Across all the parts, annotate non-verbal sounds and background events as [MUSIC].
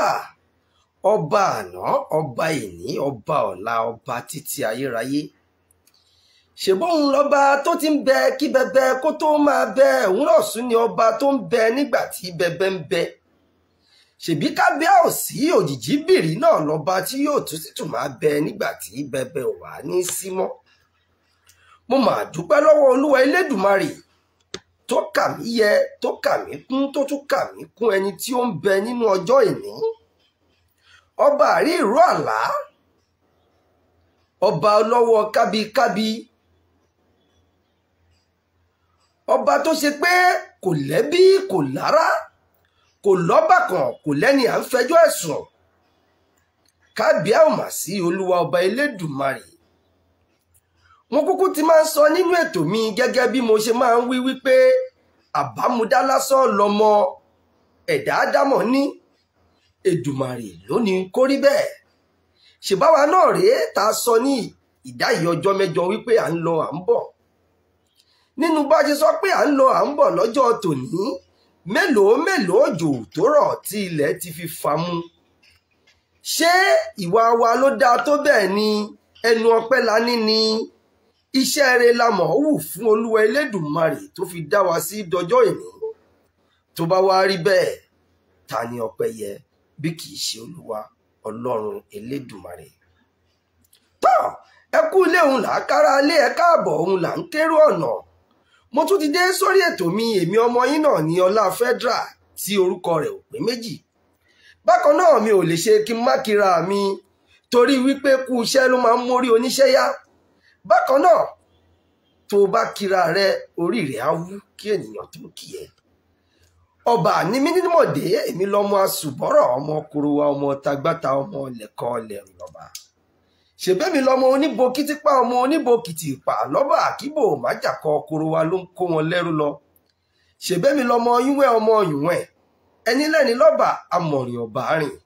kódà ọba àná ọba ìní ọba ọ̀la ọba títí ayérayé ṣèbóun lọ́ba tó ti ń bẹ kí bẹbẹ kó tó máa bẹ òun náà sún ni ọba tó ń bẹ nígbà tí bẹbẹ ń bẹ ṣèbí kábíà ò sí òjìjí bìrì náà lọ́ba tí yóò tún sì tún máa bẹ nígbà tí bẹbẹ wà ní símọ́ mo mà dúpẹ́ lọ́wọ́ olúwa elédùmarè tọ́ka kà yẹ tọ́ka kà mí kún tó tún kà mí kún ẹni tí ó ń bẹ nínú ọjọ́ ìní ọba àrí ìró àlá ọba ọlọ́wọ́ kábíkábí ọba tó ṣe pé kò lẹ́bí kò lára kò lọ́bàkan kò lẹ́ni à ń fẹjọ́ ẹ̀sùn kábíà ò mà sí olúwa ọba elédùmarè mo kúkú ti máa ń sọ nínú ètò mi gẹ́gẹ́ bí mo ṣe máa ń wí wípé àbámudá lásán lọmọ ẹ̀dá ádámọ̀ ní Èdùmàrè lónìí kó rí bẹ́ẹ̀ ṣèbáwa náà rèé ta sọ ní ìdá yìí ọjọ́ mẹ́jọ wípé à ń lọ à ń bọ̀ nínú bá ṣe sọ pé à ń lọ à ń bọ̀ lọ́jọ́ tòní mélòó mélòó òjò tó rọ̀ tí ilẹ̀ ti fi fàmú ṣé ìwà wa ló dáa tó bẹ́ẹ̀ ni ẹnu ọpẹ́ la ní ni. ni iṣẹ́ rẹ̀ la mọ̀ ọ́ wù fún olúwa elédùmarè tó fi dá wa sí dọjọ́ ìní tó bá wá rí bẹ́ẹ̀ ta ni ọpẹ́ yẹ bí kì í ṣe olúwa ọlọ́run elédùmarè. tọ́ ẹ kú ilé òun là á kára ilé ẹ káàbọ̀ òun là ń kérò ọ̀nà mo tún ti dé sórí ètò mi èmi ọmọ yín náà ní ọlá Federal tí orúkọ rẹ̀ ò pé méjì bákan náà mi ò lè ṣe kí n má kíra mi torí wípé kú iṣẹ́ ló máa ń mórí oníṣẹ́ yá bákan náà tó bá kira rẹ orí rẹ á wú kí ènìyàn tó kì ẹ ọba ní mínímọ̀dé èmi lọ́mọ asùbọ́rọ̀ ọmọ korowa ọmọ tagbáta ọmọ lẹ́kọ́ lẹ́rù lọ́ba ṣèbẹ́mi lọ́mọ oníbo kìtìpá ọmọ oníbo kìtìpá lọ́ba àkíbò májàkọ korowa ló ń kó wọn lẹ́rú lọ ṣèbẹ́mi lọ́mọ yúnwẹ́ ọmọ yùnwẹ́ ẹni lẹ́ni lọ́ba amọ̀rìn ọ̀bà rìn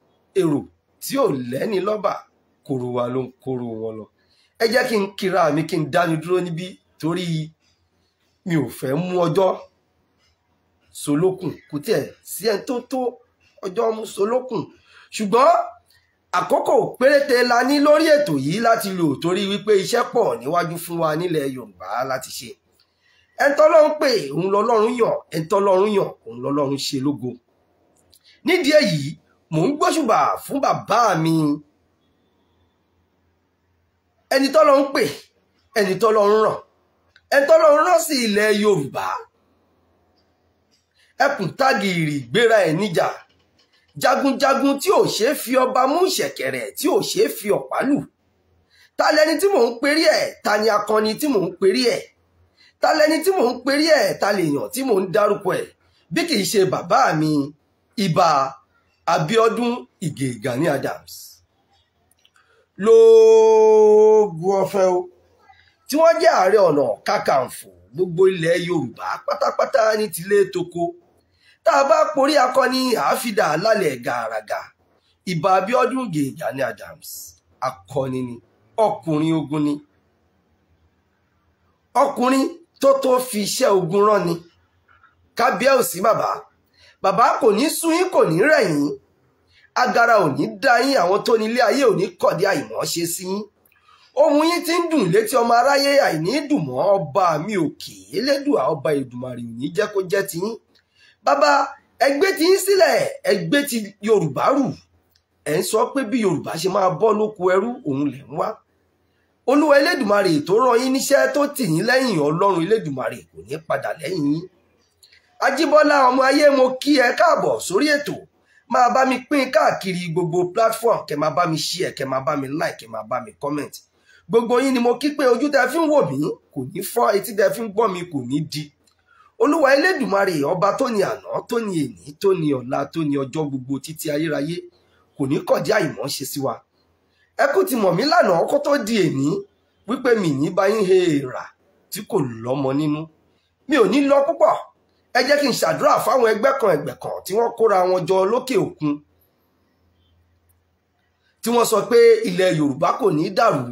èrò tí ò lẹ́ni lọ́ba korowa ló ń kóró wọn lọ ẹ jẹ́ kí n kíra mi kí n dáni dúró níbí torí mi ò fẹ́ mú ọjọ́ solókùn kò tiẹ̀ sí ẹni tó tó ọjọ́ mú solókùn ṣùgbọ́n àkókò péréte la ní lórí ètò yìí láti lò torí wípé iṣẹ́ pọ̀ níwájú fún wa nílẹ̀ Yorùbá láti ṣe ẹ̀ńtọ́lọ́run pè òun lọ́lọ́run yàn ẹ̀ńtọ́lọ́run yàn òun lọ́lọ́run ṣe lógo nídìí èyí mò ń gbóṣùbà fún bàbá mi ẹni tọ́lọ́ ń pè ẹni tọ́lọ́ ń ràn ẹni tọ́lọ́ ń ràn sí ilẹ̀ Yorùbá ẹkùn tágìrì gbéra ẹ̀ níjà jagunjagun tí ò ṣeé fi ọba mú ìṣẹ̀kẹ̀rẹ̀ tí ò ṣeé fi ọ̀pá lù ta lẹni tí mò ń perí ẹ̀ ta ni akọni tí mò ń perí ẹ̀ ta lẹni tí mò ń perí ẹ̀ ta lèèyàn tí mò ń dárúkọ ẹ̀ bí kì í ṣe bàbá mi Ìbà Abíọ́dún Ìgè Gani Adams. lóògùn ọ̀fẹ́ o tí wọ́n jẹ́ ààrẹ ọ̀nà kàkàǹfò gbogbo ilẹ̀ yorùbá pátápátá ní tilé toko tá a bá porí akọni àáfídà lálẹ́ gàràgà ìbà abiodun gèèjà ní adams akọni ni ọkùnrin ogun ni ọkùnrin tó tó fi iṣẹ́ ogun rán ni kábíyà òsì bàbá bàbá kò ní sún yín kò ní rẹ̀ yín agara ò ní dá yín àwọn tó ní ilé ayé ò ní kọ̀dí àìmọ́ ṣe sí yín ohun yín ti ń dùn létí ọmọ aráyé àìní dùn mọ́ ọba mi òkè elédùà ọba Èdùmàrè ò ní jẹ́ kó jẹ́ tiyín bàbá ẹgbẹ́ ti yín sílẹ̀ ẹgbẹ́ ti Yorùbá rù ẹ̀ ń sọ pé bí Yorùbá ṣe máa bọ́ lóko ẹrú òun lẹ̀ ń wá olúwa elédùmarè tó rán yín níṣẹ́ tó tì yín lẹ́yìn ọlọ́run elédùmarè kò ní padà lẹ́yìn yín ajíbọ́lá ọmọ ayé mo kí ẹ káàbọ̀ sórí ètò máa bá mi pín káàkiri gbogbo platform kẹ máa bá mi share kẹ máa bá mi like kẹ máa bá mi comment gbogbo yín ni mo kí pé ojú tẹ fi ń wò mí kò ní fọ́ etí tẹ fi ń gbọ́ mi kò ní di olúwa elédùmarè ọba tó ní àná tó ní èní tó ní ọ̀la tó ní ọjọ́ gbogbo títí ayérayé kò ní kọjá àìmọ́ ṣe sí wa ẹ ti mọ̀ mí lánàá kó tó di èní wípé mi ní bá yín he èrà tí kò lọ́mọ nínú mi ò ní lọ púpọ̀ ẹ jẹ́ kí n ṣàdúrà fáwọn ẹgbẹ́ kan ẹgbẹ́ kan tí wọ́n kóra wọn jọ lókè òkun tí wọ́n sọ pé ilẹ̀ Yorùbá kò ní dàrú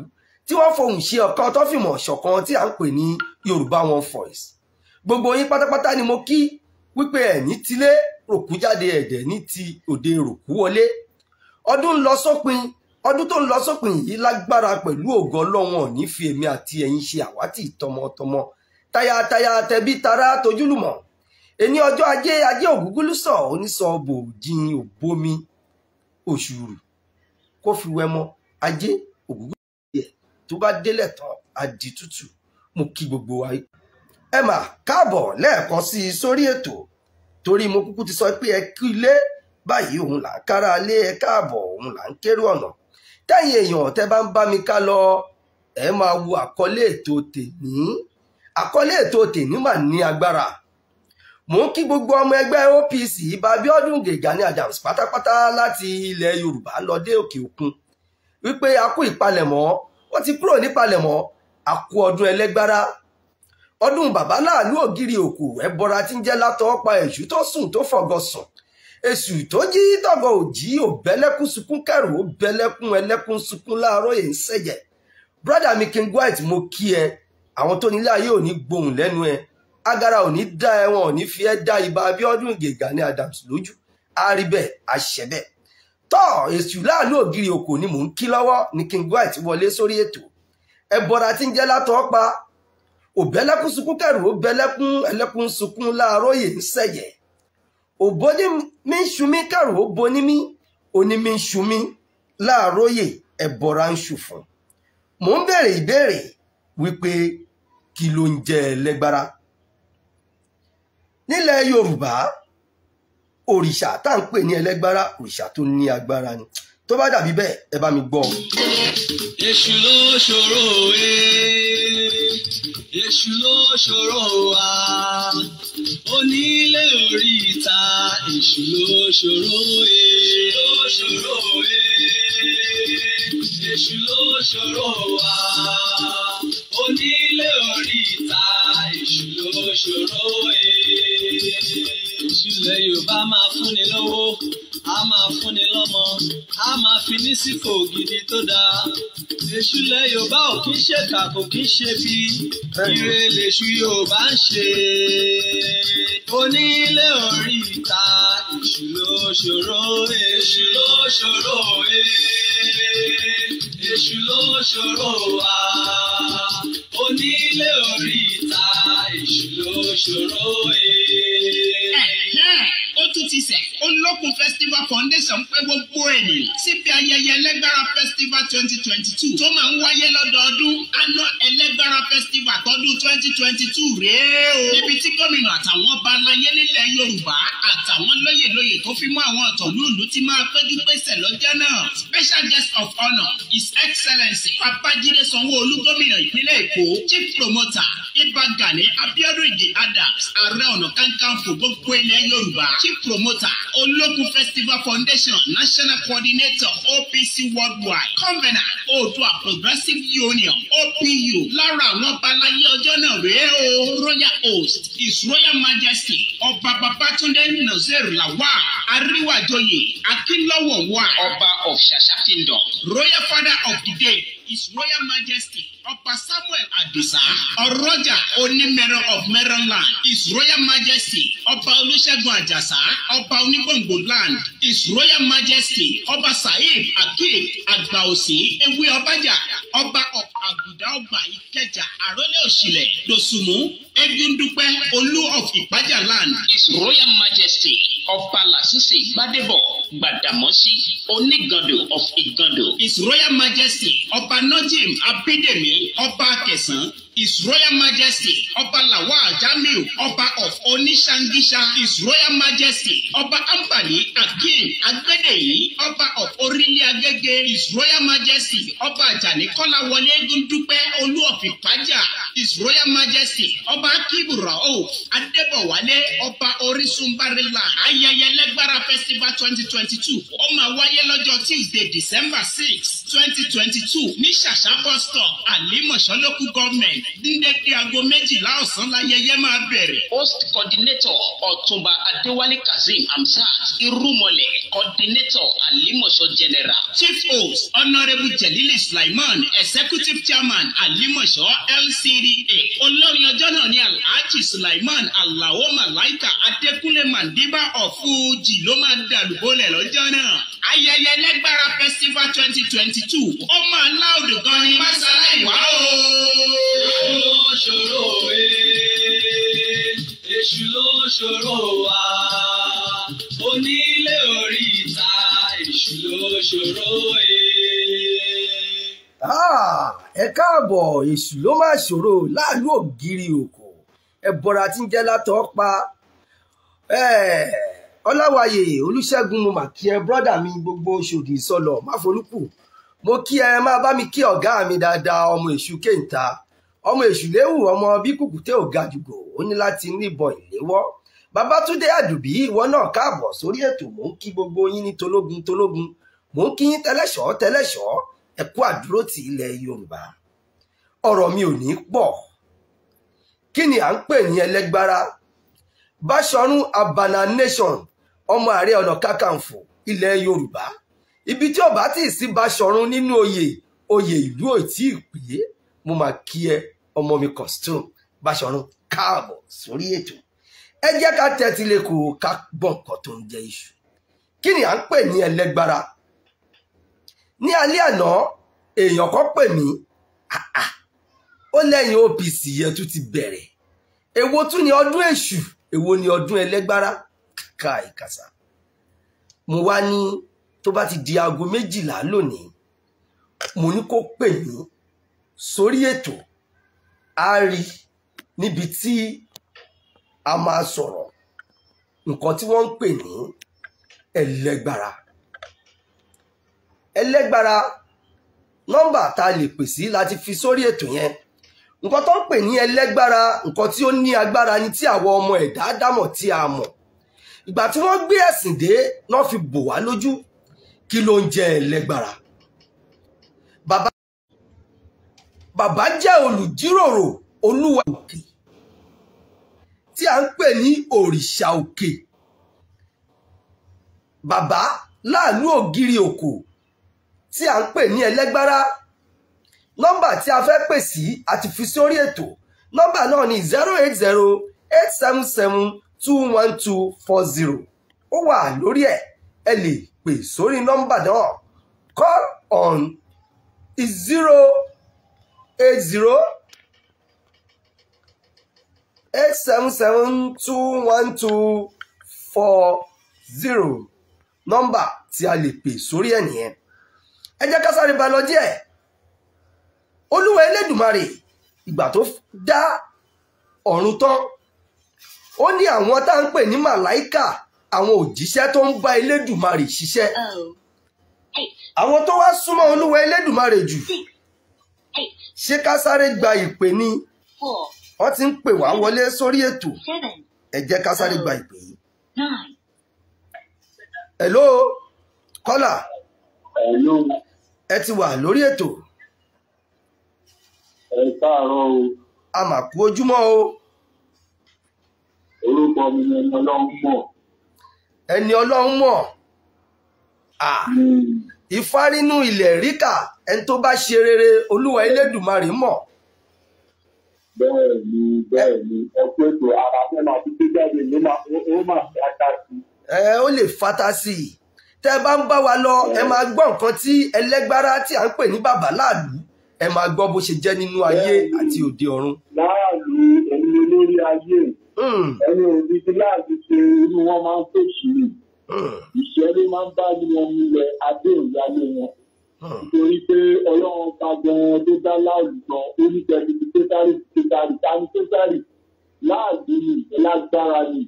tí wọ́n fohùn ṣe ọ̀kan tó fìmọ̀ ṣọ̀kan tí à ń pè ní Yorùbá One Voice gbogbo yín pátápátá ni mo kí wípé ẹ̀ní tilé ròkú jáde ẹ̀dẹ̀ ní ti òde ròkú wọlé ọdún lọ sópin ọdún tó ń lọ sópin yìí lágbára pẹ̀lú ògo Ọlọ́run ò fi èmi àti ẹ̀yin ṣe àwátì tọmọtọmọ tayataya tẹbí tará tojúlùmọ̀ ẹni ọjọ́ ajé ajé ògúngúlùsọ onísọ bòjìn òbomi òṣùrù kó fi wẹmọ ajé ògúngúlùsọ yẹ tó bá délẹ̀ tán àdì tútù mo kí gbogbo wa. ẹ mà káàbọ̀ lẹ́ẹ̀kan sí i sórí ètò torí mo kúkú ti sọ pé ẹ kú ilé báyìí òun là ń kára lé ẹ káàbọ̀ òun là ń kérò ọ̀nà tẹ́yìn èèyàn tẹ́ bá ń bá mi ká lọ ẹ máa wo àkọlé ètò tèmí àkọlé ètò tèmí mà ní agbára mò ń kí gbogbo ọmọ ẹgbẹ́ OPC Ìbà Abíọ́dún ní Adams pátápátá láti ilẹ̀ Yorùbá lọ dé òkè òkun wípé a kú ìpalẹ̀mọ́ wọ́n ti kúrò nípalẹ̀mọ́ a kú ọdún ẹlẹ́gbára ọdún bàbá láàlú ògiri òkú ń jẹ́ pa èṣù tó sùn tó fọ̀gọ̀ sùn èṣù tó jí òjì òbẹ́lẹ́kún sunkún kẹrù òbẹ́lẹ́kún ẹlẹ́kún mi King White mo kí ẹ àwọn tó nílé ayé ò ní gbohùn lẹ́nu ẹ agara ò ní dá ẹ̀wọ̀n ò ní fi ẹ́ dá ibà Abíọ́dún Gani Adams lójú àríbẹ̀ àṣẹbẹ̀ tọ́ èsù láàánú ògiri òkò ni mò ń kí lọ́wọ́ ní King White wọlé sórí ètò ẹbọra tí ń jẹ́ látọ̀ pa òbẹ́lẹ́kún sunkún kẹrù ó bẹ́lẹ́kún ẹlẹ́kún sunkún láàárọ̀ yìí ń sẹ̀yẹ̀ òbóní mi ń sunmi kẹrù ó boní mi òní mi ń sunmi láàárọ̀ yìí ẹbọra ń ṣùfún mò ń béèrè ìbéèrè wípé kí ló ń jẹ ẹlẹ́gbára nílẹ̀ yorùbá òrìṣà tá à ń pè ní ẹlẹ́gbára òrìṣà tó ní agbára ni tó bá dàbí bẹ́ẹ̀ ẹ bá mi gbọ́. èṣù ló ṣòro ẹ e. èṣù ló ṣòro wa onílé oríta èṣù ló ṣòro ẹ e. ló ṣòro ẹ e. èṣù ló ṣòro wa onílé oríta ìṣòro ṣòro ìṣìlẹ̀ Yorùbá máa fúnni lówó a máa fúnni lọ́mọ a máa fi ní sípò gidi tó dáa èṣùlẹ̀ Yorùbá ò kí ń ṣèkà kò kí ń ṣe bí ire lèṣù Yorùbá ń ṣe onílé orí ìta ìṣòro e. ṣòro èṣù e. ló ṣòro èṣù ló ṣòro wa onílé oríta èṣù ló ṣòro ee ó tún ti sẹ̀ olókun festival foundation pé gbogbo ènìyàn síbi ayẹyẹ ẹlẹ́gbára festival twenty twenty two tó máa ń wáyé lọ́dọọdún aná ẹlẹ́gbára festival tọdún twenty twenty two rèé o. níbi tí gómìnà àtàwọn balaye nílẹ̀ yorùbá àtàwọn lóyèlóyè tó fi mọ́ àwọn ọ̀tọ̀lúùlú ti máa péjú pésẹ̀ lọ́jọ́ náà special guest of honour his excellence babájídé sanwó-olú gómìnà ìpínlẹ̀ èkó chief promoter Ìbà Gani Abiodun Ige Adams ààrẹ ọ̀nà kankanfò gbogbo ilẹ̀ Yorùbá chief promoter Olókun festival foundation national coordinator OPC worldwide convener Oòduà progressive union OPU lára àwọn balayé ọjọ́ náà rèé o royal host his royal majesty ọba Babátúndé Nazeer Lawal Aríwájọyè Akínlọ́wọ̀ wa ọba of Ṣàṣà kingdom royal father of the day his royal majesty. Ọba Samuel Adusa, Ọ̀rọ̀jà Onímẹ̀rọ of Maryland, His Royal Majesty, Ọba Olúṣẹ́gun Àjàsá, Ọba Onígbòǹgbò land, His Royal Majesty, Ọba Saheed Akeem Agbaosi, Ewé Ọbàjà, Ọba Àgùdá Ọgbà Ìkẹjà, Àrólé Òṣìlẹ̀, Dòsùmù, Egundupẹ́, Olú of Ìpájà land, His Royal Majesty of àtúnṣe gbadébọ̀ gbàdàmọ́sí onígando of igando. his royal majesty ọba nojim abidemi ọba kẹsàn-án His Royal Majesty Ọba Lawa Jamiu Ọba of Onishangisha His Royal Majesty Ọba Ambali Akeem Agbedeyi Ọba of Orílẹ̀ His Royal Majesty Ọba Ajani Kọ́láwọlé Dúndúpẹ́ Olúọ̀fìn His Royal Majesty Ọba Akíbùrọ̀ O Adébọ̀wálé Ọba Orísunbárẹ́là ayẹyẹ lẹ́gbára festival twenty twenty two ó máa wáyé lọ́jọ́ Tuesday December 6. 2022. twenty two ní ṣàṣà bus stop àlímọ̀ṣọ́ lókù gọ́ọ̀mẹ̀ntì nídẹ́gbẹ́ aago méjìlá ọ̀sán láyẹyẹ máa bẹ̀rẹ̀. host coordinator ọ̀túnba adéwálé kazeem hamzat irúmọlẹ̀ coordinator àlímọ̀ṣọ́ general. chief host honourable jelili sulaiman executive chairman àlímọ̀ṣọ́ lcda olórin ọjọ́ náà ni alhaji sulaiman alao malaika adékúnlé mandiba ọ̀fújì ló máa dàlúbọ̀lẹ̀ lọ́jọ́ náà ayẹyẹ ẹlẹ́gbára festival twenty twenty two ó máa ńlá òdò gan ni mọ́sálá ìwà o. èṣù ló ṣòro e èṣù ló ṣòro wa onílé orí ìta èṣù ló ṣòro e. Ah, ẹ káàbọ̀ èṣù ló máa ṣòro láàlú ògiri òkò ẹ bọ̀rọ̀ àti ń jẹ́ látọ̀ pa ọláwàyè olùṣègùn mo mà kí ẹ brọ́dà mi gbogbo oṣòdì sọlọ má folúkù mo kí ẹ máa bá mi kí ọ̀gá mi dáadáa ọmọ èṣù kéńtà ọmọ èṣù léwu ọmọ bí kùkùté ò ga jùgò ó ní láti níbọn ìléwọ́ babátúndé àdùbí ìwọ náà káàbọ̀ sórí ètò mò ń kí gbogbo yín ní tológun tológun mò ń kí yín tẹlẹ́ṣọ̀ tẹlẹ́ṣọ̀ ẹ àdúró ti ilẹ̀ yorùbá ọ̀rọ̀ mi ò ní pọ̀ kí ni à ń pè ní ẹlẹ́gbára báṣọ̀run abana nation ọmọ ààrẹ ọ̀nà kákàǹfò ilẹ̀ yorùbá ibi tí ọba tí ì sí Baṣọ̀run nínú oyè oyè ìlú ò tí ì pé mo máa kí ẹ ọmọ mi costume Baṣọ̀run káàbọ̀ sórí ètò ẹ jẹ́ ká tẹ́tí lẹ́kọ̀ọ́ ká gbọ́ tó ń jẹ iṣu kí ni à ń pè ní ẹlẹ́gbára ní alẹ́ àná èèyàn kan pè mí ó lẹ́yìn OPC yẹn tún ti bẹ̀rẹ̀ èwo tún ni ọdún èṣù èwo ni ọdún ẹlẹ́gbára káì kàsà mo wá ní tó bá ti di aago méjìlá lónìí mo ní kó pè mí sórí ètò á rí níbi tí a máa sọ̀rọ̀ nǹkan tí wọ́n ń pè ní ẹlẹ́gbára ẹlẹ́gbára nọ́mbà tá a lè pè sí láti fi sórí ètò yẹn nǹkan tó ń pè ní ẹlẹ́gbára nǹkan tí ó ní agbára ni tí àwọn ọmọ ẹ̀dá dámọ̀ tí a mọ̀ ìgbà tí wọ́n gbé ẹ̀sìn dé náà fi bò wá lójú kí ló ń jẹ ẹlẹ́gbàrà bàbá bàbá jẹ́ olùjíròrò olúwa òkè tí a ń pè ní òrìṣà òkè bàbá láàlú ògiri òkò tí a ń pè ní ẹlẹ́gbára nọ́mbà tí a fẹ́ pè sí àti fi sórí ètò nọ́mbà náà ni zero eight zero eight seven seven two one two four zero ó wà lórí ẹ̀ ẹ lè pè sórí nọ́mbà náà call on zero eight zero eight seven seven two one two four zero nọ́mbà tí a lè pè sórí ẹ̀ nìyẹn ẹ jẹ́ ká sáré ba lọ díẹ̀ olúwa elédùmarè ìgbà tó dá ọ̀run tán ó ní àwọn tá ń pè ní màláìkà àwọn òjíṣẹ́ tó ń bá elédùmarè ṣiṣẹ́ oh. àwọn tó wá súnmọ́ olúwa elédùmarè jù ṣé ká sáré gba ìpè ni wọ́n ti ń pè wá wọlé sórí ètò ẹ jẹ́ ká sáré gba oh. ìpè yìí. hello kọ́là ẹ ti wà lórí ètò. ẹ káàárọ̀ o. a mà kú ojúmọ́ o gbọ́ mi ni ẹni ọlọ́run mọ̀. ẹni ọlọ́run mọ̀ hmm. ìfarínú ilẹ̀ ríkà ẹni tó bá ṣe rere olúwa elédùmarè mọ̀. bẹ́ẹ̀ni bẹ́ẹ̀ni ẹ pé ètò ara fẹ́ máa fi gbé jáde ló máa ó máa fata sí. ẹ ó lè fata sí i tẹ́ bá ń bá wa lọ ẹ máa gbọ́ nǹkan tí ẹlẹ́gbára tí à ń pè ní bàbá láàlú ẹ máa gbọ́ bó ṣe jẹ́ nínú ayé àti òde ọ̀run. láàlú ẹni olórí ayé Hmm. ẹni òbí ti láàbí ṣe irú wọn máa ń pèsè rè hmm. ìṣẹ́lẹ̀ máa ń bá ní wọn múlẹ̀ adé ìyálé wọn nítorí pé ọlọ́run ta gan-an tó dá láwùjọ oníkẹ́ni ti pétárì pétárì tani pétárì láàbí ni lágbára ni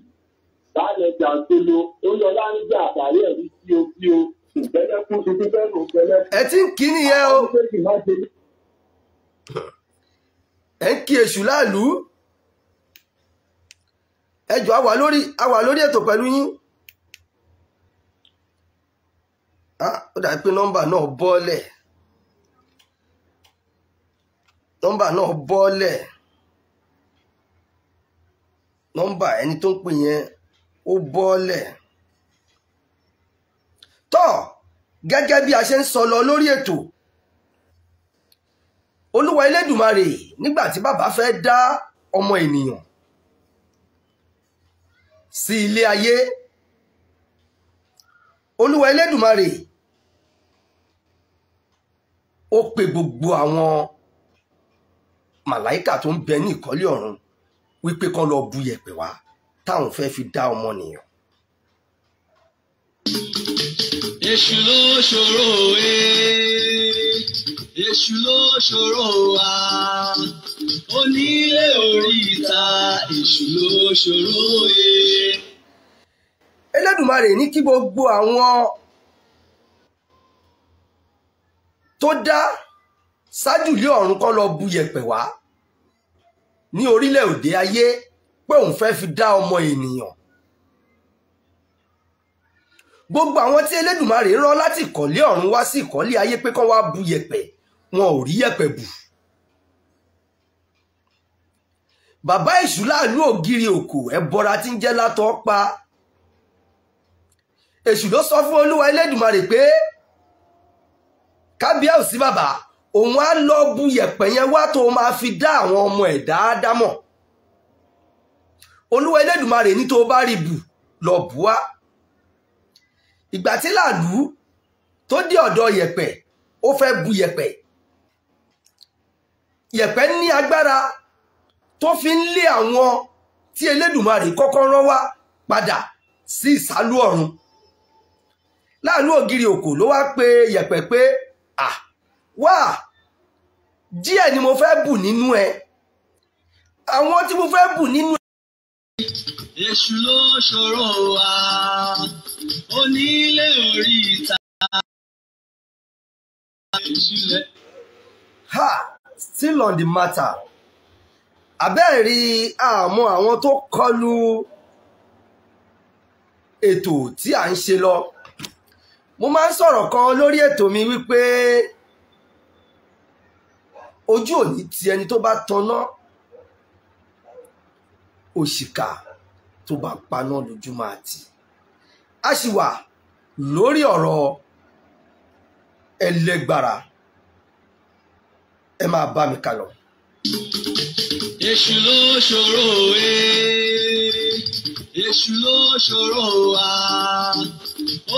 báyẹn jà tó lo ó yọ láńjà àtàrí ẹ̀rí tí o tí o ìgbẹ́lẹ́ kún sí fífẹ́ nù gbẹ́lẹ́. ẹ ti ń kí nìyẹn o ẹ ń kí èṣù láàlú ẹjọ́ àwà lórí àwà lórí ètò pẹ̀lú yín ó dàbí pé nọ́mbà náà bọ́ọ̀lẹ̀ nọ́mbà náà bọ́ọ̀lẹ̀ nọ́mbà ẹni tó ń pè yẹn ó bọ́ọ̀lẹ̀ tọ́ gẹ́gẹ́ bí a ṣe ń sọ lọ lórí ètò olúwa elédùmarè nígbà tí bàbá fẹ́ dá ọmọ ènìyàn sí ilé ayé olúwa elédùmarè ó pe gbogbo àwọn màláìkà tó ń bẹ ní ìkọ́lé ọ̀run wípé kán lọ bu yẹ̀pẹ̀ wá táwọn fẹ́ fi dá ọmọnìyàn. èṣù ló ṣòro ẹ èṣù e. ló ṣòro wa onílé oríta èṣù ló ṣòro e. Elédùmarè ní kí gbogbo àwọn tó dá ṣáájú ilé ọ̀run kọ́ lọ bu yẹ̀pẹ̀ wá ní orílẹ̀ òde ayé pé òun fẹ́ fi dá ọmọ ènìyàn gbogbo àwọn tí Elédùmarè rán láti ìkọ̀lé ọ̀run wá sí ìkọ̀lé ayé pé kán wá bu yẹ̀pẹ̀ wọn ò rí yẹ̀pẹ̀ bù. bàbá èṣù láàlú ògiri òkò ẹbọra tí ń jẹ́ látọ̀ pa èṣù ló sọ fún olúwa elédùmarè pé kábíyà ò sí bàbá òun á lọ bu yẹ̀pẹ̀ yẹn wá tó máa fi dá àwọn ọmọ ẹ̀ dáadáa mọ̀ olúwa elédùmarè ní tó bá rí bù lọ bù wá ìgbà tí làlú tó dé ọ̀dọ̀ yẹ̀pẹ̀ ó fẹ́ bu yẹ̀pẹ̀ yẹ̀pẹ̀ ní agbára tó fi ń lé àwọn tí Elédùmarè kọ́kọ́ rán wá padà sí ìsálú ọ̀run láàánú ògiri òkò ló wá pe yẹ̀pẹ̀ pé à wá díẹ̀ ni mo fẹ́ bù nínú ẹ àwọn tí mo fẹ́ bù nínú ẹ. èṣù ló ṣòro wa onílé orí ìta ha still on the matter àbẹ́ẹ̀rí àmọ́ àwọn tó kọlu ètò tí à ń ṣe lọ mo máa ń sọ̀rọ̀ kan lórí ètò mi wípé ojú òní ti ẹni tó bá tanná òṣìkà tó bá paná lójú máa tì a sì wà lórí ọ̀rọ̀ ẹlẹ́gbàrà ẹ máa bá mi kà èṣù ló ṣòro e èṣù ló ṣòro wa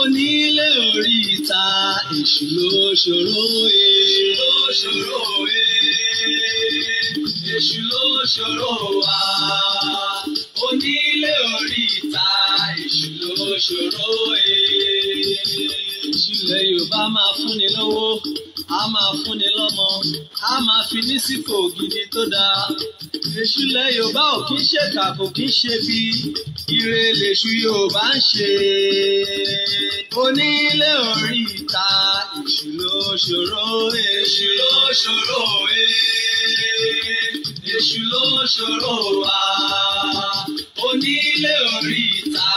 onílé orí ìta èṣù ló ṣòro e èṣù ló ṣòro e èṣù ló ṣòro wa onílé orí ìta èṣù ló ṣòro e ìṣúlẹ̀ Yorùbá máa fúnni lówó a máa fúnni lọ́mọ a máa fi ní sípò gidi tó dáa. èṣùlẹ̀ yorùbá ò kí ń ṣèkà kò kí ń ṣe bí ire lèṣù yorùbá ń ṣe. onílé orí ìta èṣù ló ṣòro e. èṣù ló ṣòro e. èṣù ló ṣòro wa onílé orí ìta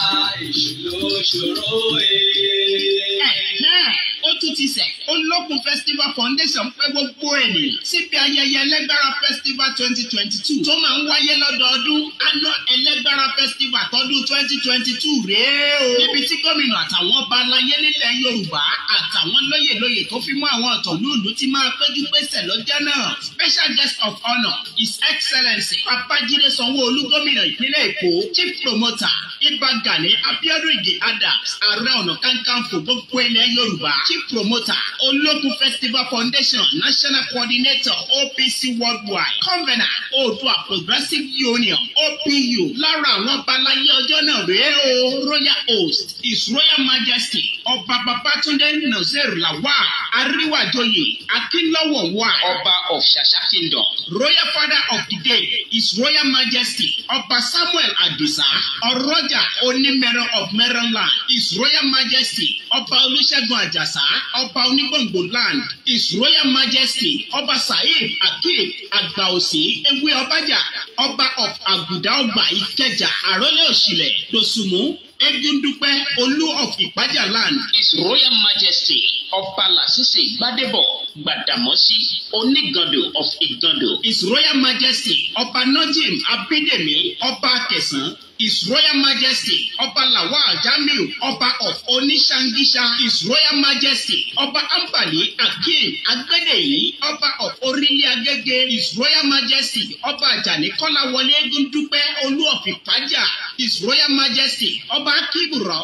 èṣù ló ṣòro. E ó tún ti sẹ̀. olókun festival foundation pé gbogbo ènìyàn síbi ayẹyẹ ẹlẹ́gbára festival twenty twenty two tó máa ń wáyé lọ́dọọdún aná ẹlẹ́gbára festival tọdún twenty twenty two rèé o. níbi tí gómìnà àtàwọn balayé nílẹ̀ yorùbá àtàwọn lóyèlóyè tó fi mú àwọn ọ̀tọ̀lúùlú ti máa péjú pésẹ̀ lọ́jọ́ náà special guest of honour his excellency babájídé sanwó-olú gómìnà ìpínlẹ̀ èkó chief promoter Ìbà Gani Abíọ́dún Adams ààrẹ ọ̀nà kankanfò gbogbo ilẹ̀ Yorùbá chief promoter ológun festival foundation national coordinator OPC worldwide convener Oòduà progressive union OPU lára àwọn balayé ọjọ́ náà rèé o royal host his royal majesty ọba babatunde nọ̀sẹ̀rù làwà àríwájọyè akínlọ́wọ̀ wà. ọba of ṣàṣà kingdom. royal father of the day is royal majesty ọba samuel adusa ọ̀rọ̀jà onímẹ̀rọ of maryland is royal majesty ọba olúṣẹ́gun àjàsà ọba onígbòǹgbò land is royal majesty ọba saheed akeem àgbàòsì ewé ọbàjà ọba of àgùdà ọgbà ìkẹjà àrólé òṣìlẹ̀ dòsùnmù Egundupẹ Olú of Ìpájà land. His Royal Majesty Ọba Lásìsì Gbádébọ̀ Gbàdàmọ́sí Onígandò of Igandò. His Royal Majesty Ọba Najim Abídèmí Ọba Kẹsàn-án. His Royal Majesty Ọba Lawal Jamiu Ọba of Onishangisha. His Royal Majesty Ọba Ambali Akin Agbedeyi Ọba of Orile Agege. His Royal Majesty Ọba Ajani Kọ́láwọlé Egundupẹ Olú of Ìpájà. His Royal Majesty ọba Kíbùrọ̀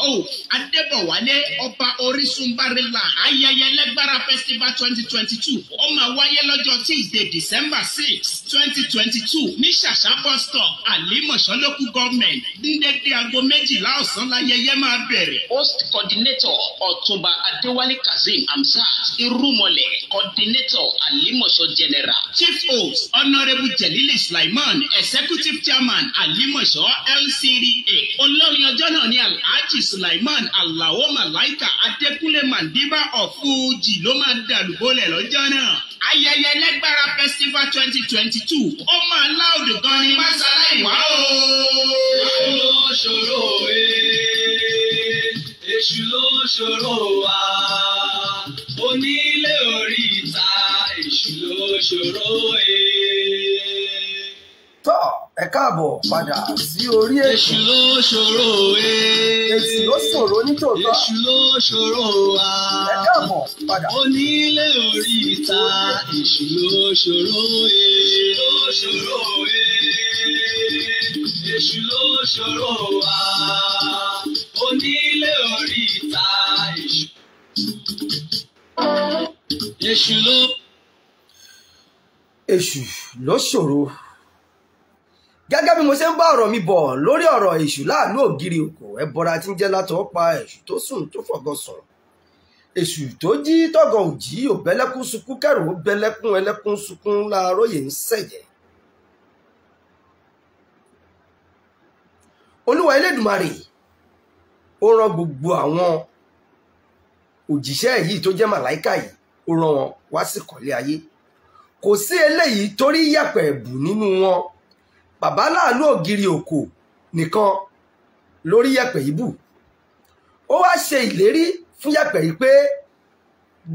Adébọ̀wálé ọba Orísunbárìlà ayẹyẹ lẹ́gbára festival twenty twenty two ó máa wáyé lọ́jọ́ Tuesday December six twenty twenty two ní Ṣàṣà bus stop Àlímọ̀ṣọ́ local government ndéédé aago méjìlá ọ̀sán láyẹyẹ máa bẹ̀rẹ̀. Host coordinator Ọ̀túnba Adéwálé Kazeem Hamzat Irúmọlẹ̀ coordinator Àlímọ̀ṣọ́ general. Chief host Honourable Jelilis Sulaiman Executive Chairman Àlímọ̀ṣọ́ LCD nba olórin eh, ọjọ́ náà ni alhaji sulaiman alao malaika adékúnlé mandiba ọ̀fúnjì ló máa dàlúbọ̀lẹ̀ lọ́jọ́ náà. ayẹyẹ lẹ́gbára festival twenty twenty two ó máa láòdù gan ni masalai. ìwá o. ló ṣòro e èṣù ló ṣòro wa onílé orí ìta èṣù ló ṣòro e. tọ́ọ̀ ẹ káàbọ̀ padà sí orí ètò. èṣù ló ṣòro ee. èṣù ló ṣòro nítòótọ́. èṣù ló ṣòro wa. ẹ káàbọ̀ padà. onílé orí ìta èṣù ló ṣòro ee. èṣù ló ṣòro ee. èṣù ló ṣòro wa. onílé orí ìta èṣù. èṣù ló. èṣù ló ṣòro gẹ́gẹ́ bí mo ṣe ń bá ọ̀rọ̀ mi bọ̀ lórí ọ̀rọ̀ èṣù láàlú ògiri òkò ẹbọra tí ń jẹ́ látọ̀ pa èṣù tó sùn tó fọ̀gàn sùn èṣù tó jí tọ̀gàn ò jí òbẹ́lẹ́kún sunkún kẹrù ó bẹ́lẹ́kún ẹlẹ́kún sunkún láàróyè ń sẹ̀yẹ̀. olúwa elédùmarè ó rán gbogbo àwọn òjíṣẹ́ yìí tó jẹ́ màláìkà yìí ó rán wọn wá sí kọ́lé ayé kò sí eléyìí torí yàpẹ̀ ẹ̀bù nínú wọn bàbá láàlú ògiri òkò nìkan lórí yẹ̀pẹ̀ yìí bù ó wá ṣe ìlérí fún yẹ̀pẹ̀ yìí pé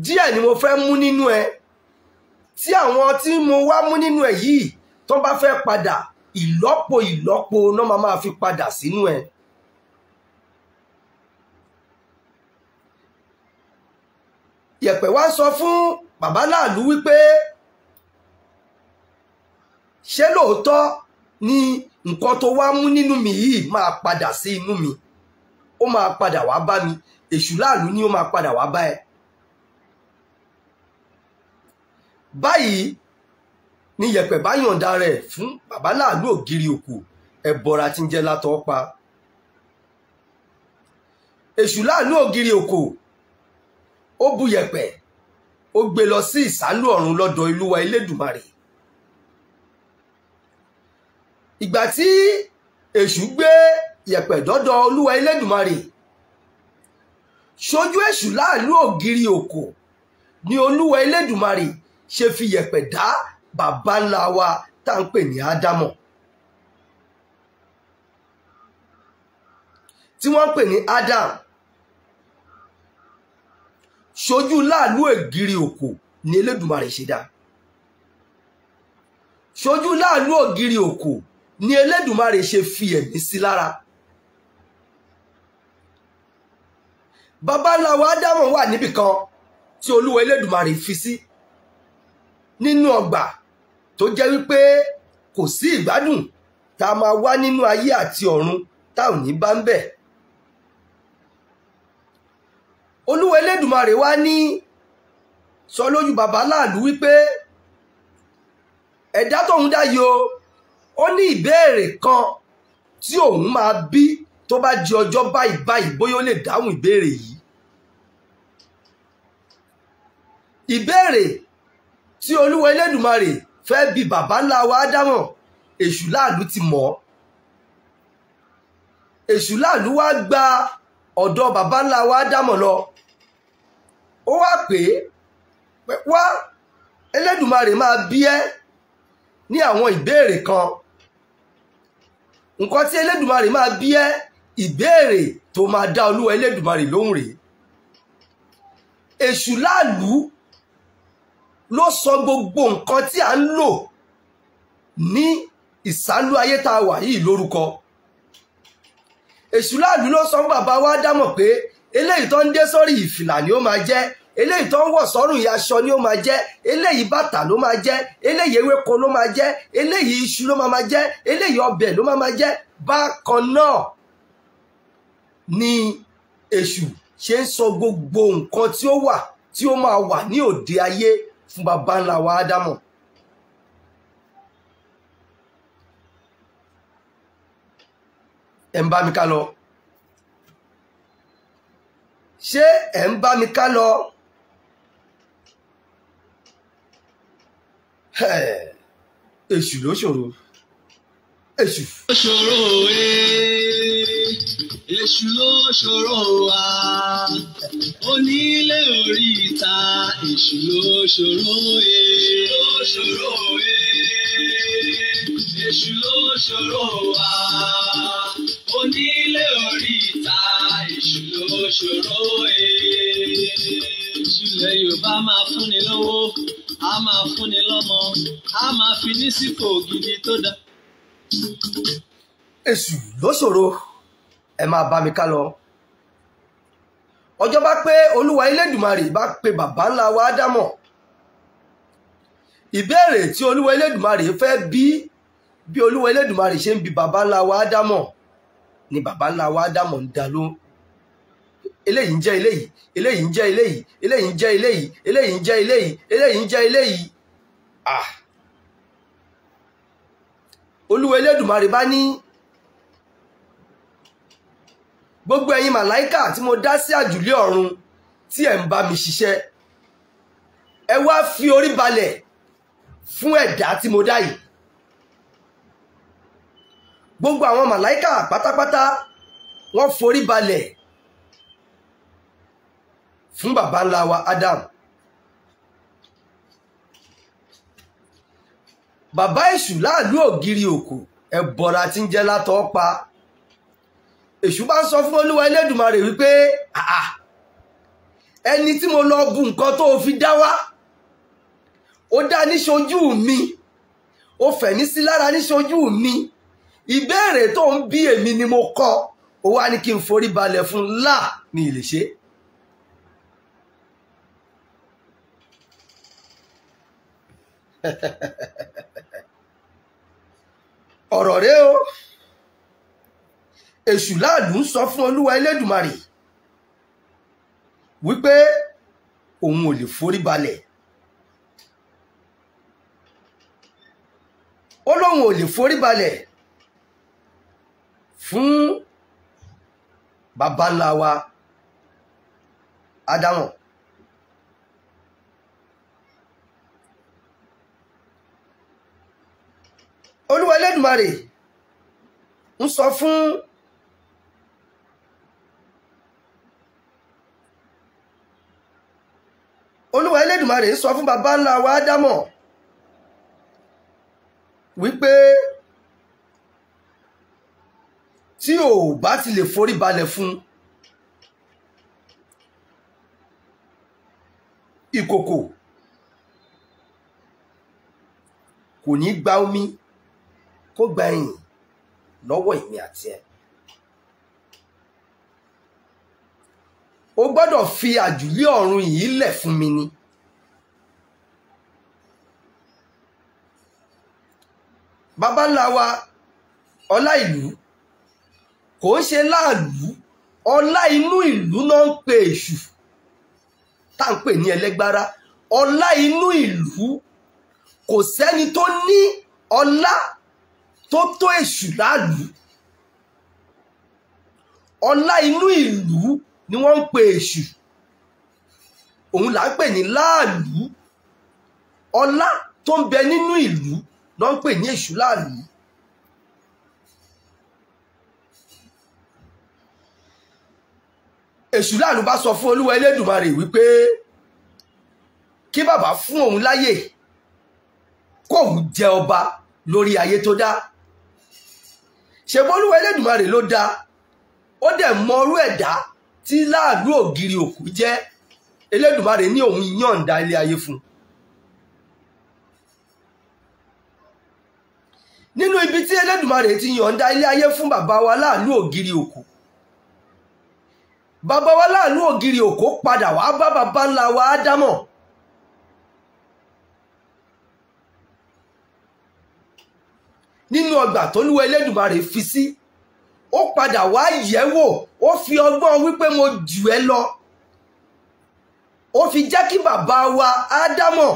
díẹ̀ ni mo fẹ́ mú nínú ẹ tí àwọn tí mo wá mú nínú ẹ yìí tó bá fẹ́ padà ìlọ́po ìlọ́po náà máa máa fi padà sínú ẹ. yẹ̀pẹ̀ wá sọ fún bàbá láàlú wípé ṣé lóòótọ́ ní nǹkan tó wá mú nínú mi yìí máa padà sí inú mi ó máa padà wá bá mi èṣù láàlú ni ó máa padà wá bá ẹ. báyìí ni yẹ̀pẹ̀ bá yọ̀ǹda rẹ̀ fún bàbá láàlú ògiri òkú ẹ̀bọ̀ra tí ń jẹ́ látọ̀ pa èṣù láàlú ògiri òkú ó bu yẹ̀pẹ̀ ó gbé lọ sí ìsálú ọ̀run lọ́dọ̀ ìlúwa elédùmarè ìgbà tí èṣù gbé yẹ̀pẹ̀ dọ́dọ̀ olúwa elédùmarè ṣojú èṣù láàlú ògiri òkò ni olúwa elédùmarè ṣe fi yẹ̀pẹ̀ dá bàbá ńlá wa tá à ń pè ní ádámọ̀ tí wọ́n ń pè ní Adam ṣojú láàlú ògiri òkò ni elédùmarè ṣe dá ṣojú láàlú ògiri òkò ni Elédùmarè ṣe fi ẹ̀mí sí lára babaláwo Ádámù wà níbì kan tí Olúwa Elédùmarè fi sí nínú ọgbà tó jẹ́ wípé kò sí ìgbádùn tá a máa wá nínú ayé àti ọ̀run tá ò ní bá ń bẹ̀ Olúwa Elédùmarè wá ní sọ lójú babaláàlú wípé ẹ̀dá tóun dá yìí o ó ní ìbéèrè kan tí òun máa bí tó bá di ọjọ́ báyìí báyìí bóyá ó lè dáhùn ìbéèrè yìí ìbéèrè tí olúwa elédùmarè fẹ́ bi bàbá ńlá wa ádámọ̀ èṣù láàlú ti mọ̀ ọ́ èṣù láàlú wá gba ọ̀dọ̀ bàbá ńlá wa ádámọ̀ lọ ó wá pé wá elédùmarè máa bí ẹ́ ní àwọn ìbéèrè kan nǹkan tí elédùmarè máa bí ẹ́ ìbéèrè tó máa dá olúwa elédùmarè lóhùn rèé èṣù láàlú ló sọ gbogbo nǹkan tí a ń lò ní ìsálú ayé tá a wà yìí lórúkọ èṣù láàlú ló sọ fún bàbá wa dámọ̀ pé eléyìí tó ń dé sórí ìfìlà ni ó máa jẹ́ eléyìí tó ń wọ̀ sọ́rùn yìí aṣọ ni ó máa jẹ́ eléyìí bàtà ló máa jẹ́ eléyìí ewéko ló máa jẹ́ eléyìí iṣu ló máa jẹ́ eléyìí ọbẹ̀ ló máa jẹ́ bákan náà ni èṣù ṣe ń sọ gbogbo nǹkan tí ó wà tí ó máa wà ní òde ayé fún baba ńlá wa ádámọ̀. ẹ̀ ń bá mi ká lọ ṣé ẹ̀ ń bá mi ká lọ. èṣù ló ṣòro èṣù. ló ṣòro ee èṣù ló ṣòro wa onílé oríta èṣù ló ṣòro ee ló ṣòro ee èṣù ló ṣòro wa onílé oríta èṣù ló ṣòro ee ilẹ̀ Yorùbá máa fúnni lówó a máa fúnni lọ́mọ a máa fi ní sípò gidi tó dá. èṣù ló ṣòro ẹ máa bá mi ká lọ ọjọ́ bá pé olúwa elédùmarè bá pe bàbá ńlá wa Ádámọ̀ ìbéèrè tí olúwa elédùmarè fẹ́ bí bí olúwa elédùmarè ṣe ń bi bàbá ńlá wa Ádámọ̀ ni bàbá ńlá wa Ádámọ̀ ń dá lóhùn eléyìí ń jẹ́ eléyìí eléyìí ń jẹ́ eléyìí eléyìí ń jẹ́ eléyìí eléyìí ń jẹ́ eléyìí eléyìí ń jẹ́ eléyìí ah olúwa elédùmarè bá ní gbogbo ẹ̀yin màláìkà tí mo dá sí àjùlé ọ̀run tí ẹ̀ ń bá mi ṣiṣẹ́ ẹ wá fi orí balẹ̀ fún ẹ̀dá tí mo dá yìí gbogbo àwọn màláìkà pátápátá wọ́n forí balẹ̀ fún bàbá ńlá wa Adam bàbá èṣù láàlú ògiri òkò ẹ̀bọ̀ra tí ń jẹ́ látọ̀ pa èṣù bá ń sọ fún olúwa Elédùmarè wípé àà ẹni tí mo lọ bu nǹkan tó fi dá wá ó dá níṣojú mi ó fẹ̀ ní sí lára níṣojú mi ìbéèrè tó ń bí èmi ni mo kọ ó wá ní kí n forí balẹ̀ fún láà ní ìlèṣe [LAUGHS] ọ̀rọ̀ rẹ o èṣù láàlú ń sọ fún olúwa elédùmarè wípé òun ò lè forí balẹ̀ ó lóun ò lè forí balẹ̀ fún baba ńlá olúwa elédùmarè ń sọ fún olúwa elédùmarè ń sọ fún baba ńlá wa ádámọ̀ wípé tí ò bá ti lè forí balẹ̀ fún ìkòkò kò ní gba omi kó gba ẹ̀yìn lọ́wọ́ èmi àti ẹ. o gbọ́dọ̀ fi àjùlé ọ̀run yìí lẹ̀ fún mi ni. bàbá ńlá wa ọlá ìlú kò ń ṣe láàlú ọlá inú ìlú náà ń pe èṣù tá à ń pè ní ẹlẹ́gbára ọlá inú ìlú kò sẹ́ni tó ní ọlá tó tó èṣù láàlú ọlá inú ìlú ni wọ́n ń pe èṣù òun là ń pè ní láàlú ọlá tó ń bẹ nínú ìlú ló ń pè ní èṣù láàlú èṣù láàlú bá sọ fún olúwa elédùmarè wípé kí bàbá fún òun láyè kóun jẹ ọba lórí ayé tó dá ṣe bólúwa Elédùmarè ló dá ó dẹ̀ mọrú ẹ̀dá tí láàlú ògiri òkú jẹ́ Elédùmarè ní òun yọ̀ǹda ilé ayé fún un nínú ibi tí Elédùmarè ti yọ̀ǹda ilé ayé fún bàbá wa láàlú ògiri òkú bàbá wa láàlú ògiri òkú padà wá bá bàbá ńlá wa Ádámọ̀ nínú ọgbà tólúwa Elédùmarè fi sí ó padà wá yẹ̀wò ó fi ọgbọ́n wípé mo jù ẹ́ lọ ó fi jẹ́ kí bàbá wa Ádámọ̀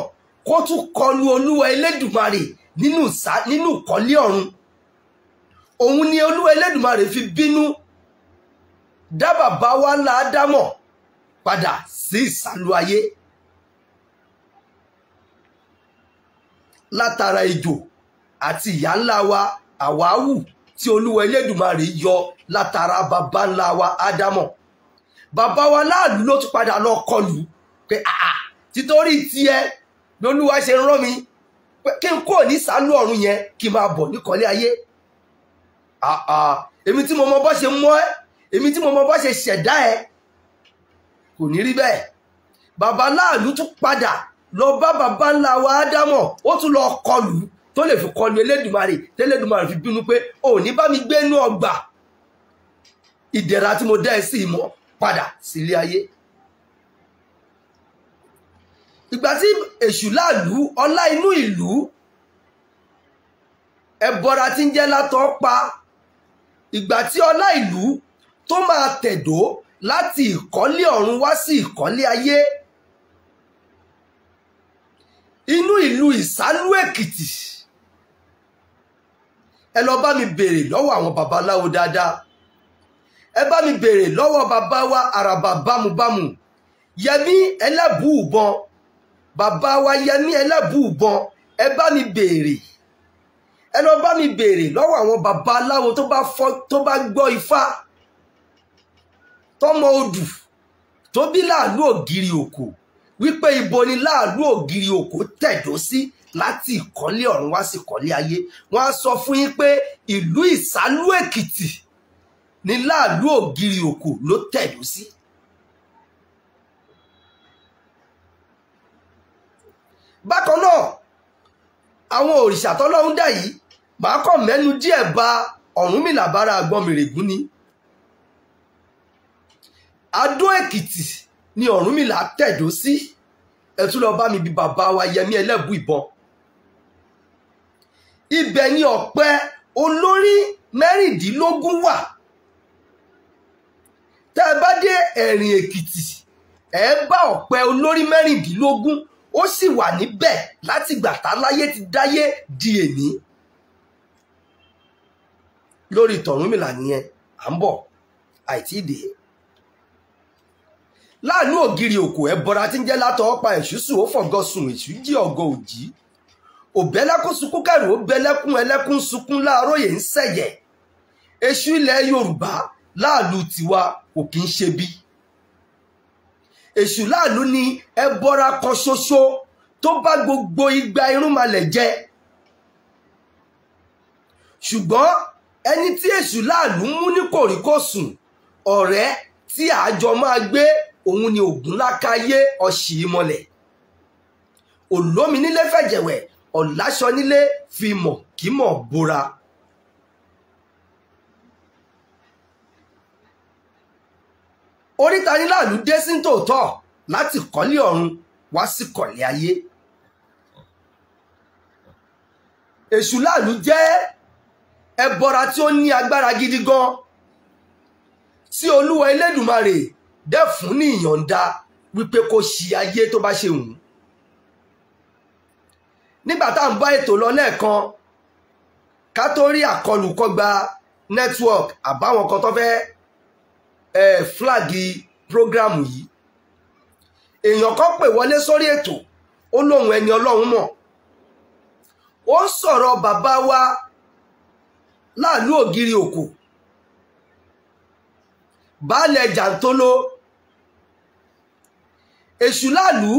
kó tún kọlu olúwa Elédùmarè nínú ìkọ́lé ọ̀run òun ni olúwa Elédùmarè fi bínú dá bàbá wa ńlá Ádámọ̀ padà sí ìsàlù ayé látara ejò àti ìyá ńlá wa àwáwù tí olúwa elédùmarè yọ látara bàbá ńlá wa ádámọ̀ bàbá wa láàlú ló tún padà lọ kọlù pé àà títorí tiẹ̀ lolúwa ṣe rán mi pé kí n kò ní sálú ọ̀run yẹn kí n máa bọ̀ níkọlé ayé àà èmi tí mo mọ bó ṣe mọ́ ẹ́ èmi tí mo mọ bó ṣe ṣẹ̀dá ẹ̀ kò ní rí bẹ́ẹ̀ bàbá láàlú tún padà lọ bá bàbá ńlá wa ádámọ̀ ó tún lọ kọlù tó lè fi kọlu elédùmarè tẹlẹdùmarè fi bínú pé ò ní bá mi gbé inú ọgbà ìdẹ̀ra tí mo dá ẹ sí ìmọ̀ padà sílé ayé ìgbà tí èṣù láàlú ọlá inú ìlú ẹbọra tí ń jẹ́ látọ̀ pa ìgbà tí ọlá ìlú tó máa tẹ̀dó láti ìkọ́lé ọ̀run wá sí ìkọ́lé ayé inú ìlú ìsálú èkìtì ẹ lọ bá mi béèrè lọ́wọ́ àwọn babaláwo dáadáa ẹ bá mi béèrè lọ́wọ́ bàbá wa àràbà bámubámu yẹmí ẹlẹ́bùúbọn bàbá wa yẹmí ẹlẹ́bùúbọn ẹ bá mi béèrè ẹ lọ bá mi béèrè lọ́wọ́ àwọn babaláwo tó bá gbọ́ ifá tọmọ odù tó bí láàlú ògiri òkò wípé ibo ni láàlú ògiri òkò tẹ̀dó sí láti ìkọ́lé ọ̀run wá sí ìkọ́lé ayé wọ́n á sọ fún yín pé ìlú ìsálú èkìtì ní láàlú ògiri òkò ló tẹ̀dó sí. bákan náà àwọn òrìṣà tọ́lọ́hún dà yìí màá kàn mẹ́nu díẹ̀ ba Ọ̀rúnmìlà bára àgbọnmìrègún ni Adó Èkìtì ni Ọ̀rúnmìlà tẹ̀dó sí ẹ tún lọ bá mi bí bàbá wa Yẹmí Ẹlẹ́bùíbọn ibẹ̀ ni ọ̀pẹ olórí mẹ́rìndínlógún wà tẹ́ ẹ bá dé ẹ̀rìn èkìtì ẹ bá ọ̀pẹ olórí mẹ́rìndínlógún ó sì wà níbẹ̀ látìgbà táláyé ti dáyé di èní lórí tọ̀rúnmìlà nìyẹn à ń bọ̀ àìtí ìdè láàánú ògiri òkò ẹ bọra tí ń jẹ́ látọ̀ ọ̀pá ẹ̀ṣú sùn ó fọ̀gọ́ sùn èṣú jí ọ̀gọ́ òjì òbẹ́lẹ́kún sunkún kẹrù ó bẹ́lẹ́kún ẹlẹ́kún sunkún láàárọ̀ yẹn ń sẹ̀yẹ̀ èṣù ilẹ̀ yorùbá láàlú tiwa kò kí ń ṣe bí èṣù láàlú ni ẹbọra kan ṣoṣo tó bá gbogbo igba irúnmalẹ̀ jẹ ṣùgbọ́n ẹni tí èṣù láàlú mú ní kòríkòsùn ọ̀rẹ́ tí àjọ máa gbé òun ni ògúnlákayé ọ̀sì ìmọ̀lẹ̀ olómi nílé fẹ̀jẹ̀wẹ̀ ọ̀làṣọ́nílé fi mọ̀ kí mọ̀ bora. oríta níláàlú dé sí tòótọ́ láti kọ́lé ọ̀run wá sí kọ̀lé ayé. èṣù láàlú jẹ́ ẹbọra tí ó ní agbára gidi gan tí olúwa elédùmarè dẹ̀ fún ní ìyọ̀ǹda wípé kó ṣi ayé tó bá ṣe wù ú nígbà tá à ń bá ètò lọ lẹ́ẹ̀kan ká tó rí àkọlùkọgba network àbáwọn kan tó fẹ́ eh, flagi program yìí èèyàn kan pè wọlé sórí ètò ó lóun ẹni ọlọ́run mọ̀ ó ń sọ̀rọ̀ bàbá wa láàlú ògiri òkò baálẹ̀ jàǹtóló èṣù láàlú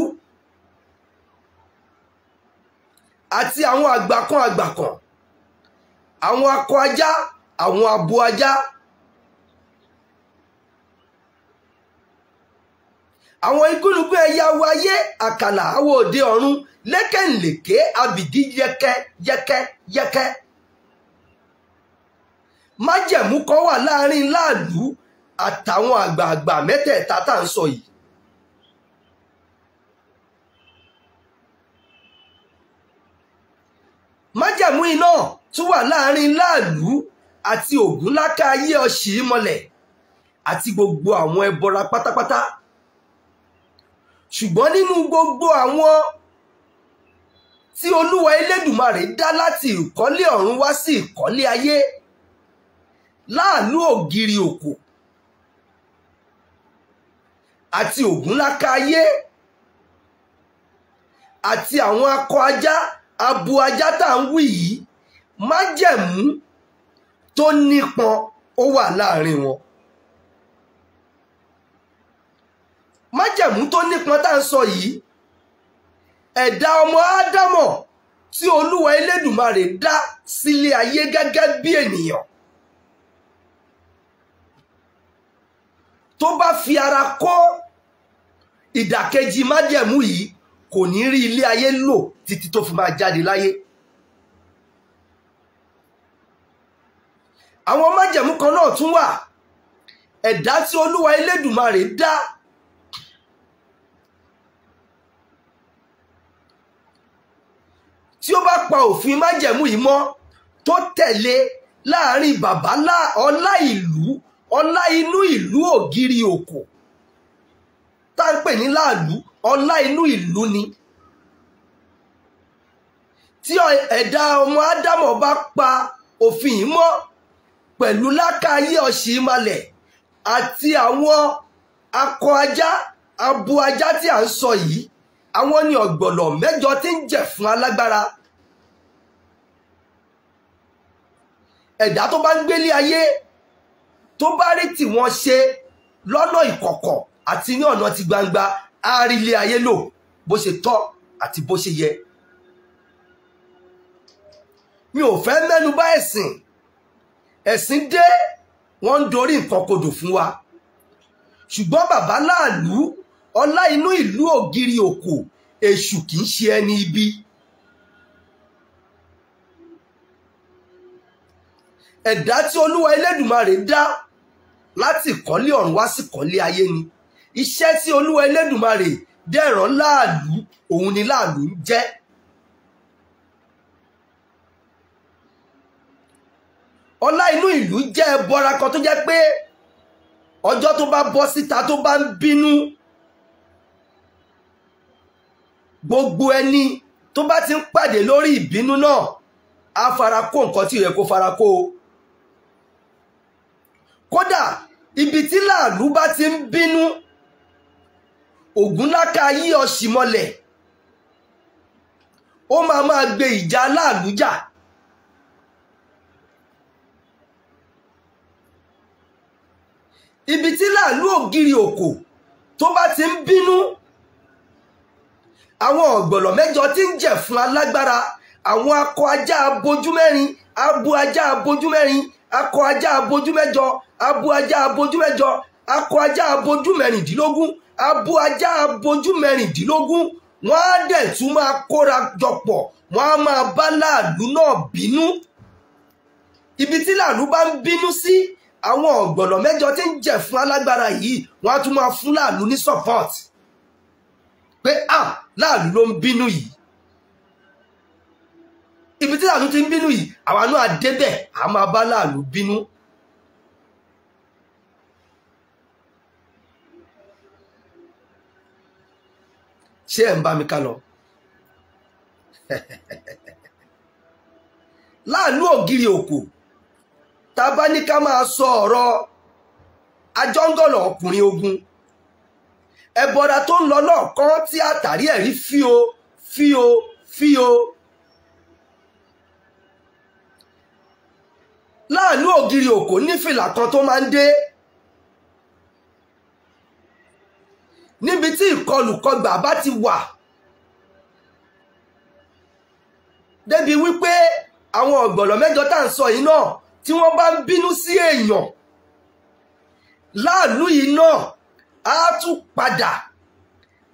àti àwọn àgbàkan àgbàkan àwọn akọ ajá àwọn abo ajá àwọn igúnnugún ẹ̀yà wáyé àkàlà àwọ̀ òde ọ̀run lẹ́kẹ̀ǹlẹ̀kẹ́ abìdí yẹkẹ yẹkẹ yẹkẹ májẹ̀mú kan wà láàrin láàlú àtàwọn àgbààgbà mẹ́tẹ̀ẹ̀ta tá à ń sọ yìí májẹ̀mú iná tún wà láàrin láàlú àti ògúnláka ayé ọ̀sì mọ́lẹ̀ àti gbogbo àwọn ẹbọra pátápátá ṣùgbọ́n nínú gbogbo àwọn tí olúwa elédùmarè dá láti ìkọ́lé ọ̀run wá sí ìkọ́lé ayé láàlú ògiri òkò àti ògúnláka ayé àti àwọn akọ ajá Abu ajá tá à ń wí yìí májẹ̀mú tó nípọn ó wà láàrin wọn májẹ̀mú tó nípọn tá à ń sọ yìí ẹ̀dá ọmọ ádámọ̀ tí olúwa elédùmarè dá sílé ayé gẹ́gẹ́ bí ènìyàn tó bá fi ara kó ìdàkejì májẹ̀mú yìí kò ní rí ilé ayé lò títí tó fi máa jáde láyé. àwọn májẹ̀mú kan náà tún wà ẹ̀dá tí olúwa elédùmarè dá tí ó bá pa òfin májẹ̀mú yìí mọ́ tó tẹ̀lé láàrin bàbá ọlá ìlú ọlá inú ìlú ògiri òkò tá ń pè ní láàlú ọlá inú ìlú ni tí ẹ̀dá ọmọ ádámọ̀ bá pa òfin yìí mọ́ pẹ̀lú lákàáyé ọ̀sì ìmalẹ̀ àti àwọn akọ ajá abo ajá tí à ń sọ yìí àwọn ni ọ̀gbọ̀lọ̀ mẹ́jọ tí ń jẹ̀ fún alágbára ẹ̀dá tó bá ń gbélé ayé tó bá rí tiwọn ṣe lọ́nà ìkọ̀kọ̀ àti ní ọ̀nà ti gbangba á rí ilé ayé lò bó ṣe tọ́ àti bó ṣe yẹ mi ò fẹ́ mẹ́nu bà ẹ̀sìn ẹ̀sìn dé wọ́n ń dorí nǹkan kodò fún wa ṣùgbọ́n bàbá láàlú ọlá inú ìlú ògiri òkò èṣù kì í ṣe ẹni ibi ẹ̀dá tí olúwa elédùmarè dá láti ìkọ́lé ọ̀run wá sí ìkọ́lé ayé ni iṣẹ́ tí olúwa elédùmarè dẹ̀rọ̀ láàlú òun ni láàlú ń jẹ́. ọlá inú ìlú jẹ́ ẹbọra kan tó jẹ́ pé ọjọ́ tó bá bọ́ síta tó bá ń bínú gbogbo ẹni tó bá ti ń pàdé lórí ìbínú náà á fara kó nǹkan tí ó fara kó o kódà ibi tí làálù bá ti ń bínú ògúnláka yí ọsì mọ́lẹ̀ ó máa máa gbé ìjà aláàlú jà ibi tí láàlú ògiri òkò tó bá ti ń bínú àwọn ọ̀gbọ̀lọ̀ mẹ́jọ tí ń jẹ̀ fún alágbára àwọn akọ ajá abojú mẹ́rin ajá abojú akọ ajá abojú mẹ́jọ ajá abojú akọ ajá abojú mẹ́rìndínlógún abo ajá abojú mẹ́rìndínlógún wọ́n á dẹ̀ tún máa kóra jọpọ̀ wọ́n á máa bá láàlú náà bínú ibi tí láàlú bá ń bínú sí àwọn ọ̀gbọ̀nọ̀ mẹ́jọ tí ń jẹ̀ fún alágbára yìí wọ́n á tún máa fún láàlú ní support pé à láàlú ló ń bínú yìí ibi tí láàlú ti ń bínú yìí àwa náà débẹ̀ a máa bá láàlú bínú ṣé ẹ̀ ń bá mi ká lọ. [LAUGHS] láàánú ògiri òkò tá a bá ní ká máa sọ ọ̀rọ̀ ajọ́ngọ̀lọ̀ ọkùnrin ogun ẹ̀bọ̀dà tó ń lọ náà kán tí àtàrí ẹ̀rí fío fío fío. láàánú ògiri òkò nífìlà kan tó máa ń dé. níbi tí ìkọlùkọgbà bá ti wà débi wípé àwọn ọ̀gbọ̀nlọ̀ mẹ́jọ tá à ń sọ yìí náà tí wọ́n bá ń bínú sí èèyàn láàlú yìí náà á tún padà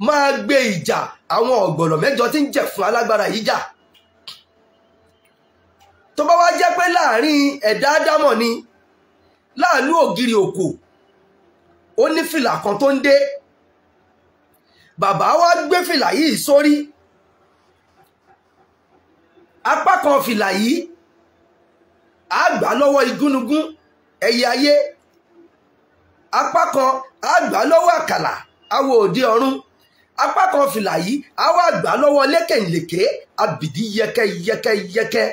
máa gbé ìjà àwọn ọ̀gbọ̀nlọ̀ mẹ́jọ tí ń jẹ̀ fún alágbára yìí jà tó bá wá jẹ́ pé láàrin ẹ̀dá ádámọ̀ ni láàlú ògiri òkò ó ní fìlà kan tó ń dé bàbá wa gbé fìlà yìí sórí apá kan fìlà yìí á gbà lọ́wọ́ igúnnugún ẹyẹ ayé apá kan á gbà lọ́wọ́ àkàlà awo òde ọ̀run apá kan fìlà yìí á wá gbà lọ́wọ́ lékèǹlèké abìdí yẹkẹ yẹkẹ yẹkẹ.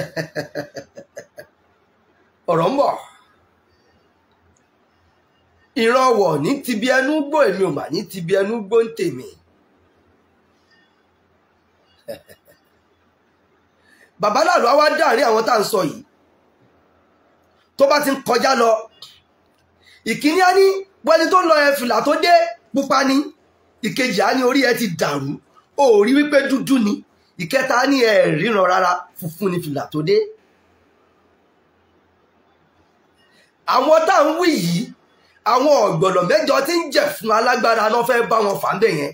[LAUGHS] ọ̀rọ̀ ń bọ̀ ìrọwọ̀ ní tibi ẹnu gbó èmi ò mà ní tibi ẹnu gbó ń tèmi. [LAUGHS] bàbá náà ló wá dáàrin àwọn tá à ń sọ yìí tó bá ti ń kọjá lọ ìkíní á ní wẹ́ni tó lọ ẹ tó dé pupa ni ìkejì á ní orí ẹ ti dàrú ó rí wípé dúdú ni ìkẹta á ní ẹ rárá funfun ni fìlà tó dé. àwọn tá à ń wí yìí àwọn ọ̀gbọ̀nà mẹ́jọ tí ń jẹ̀ fún alágbára náà fẹ́ bá wọn fà yẹn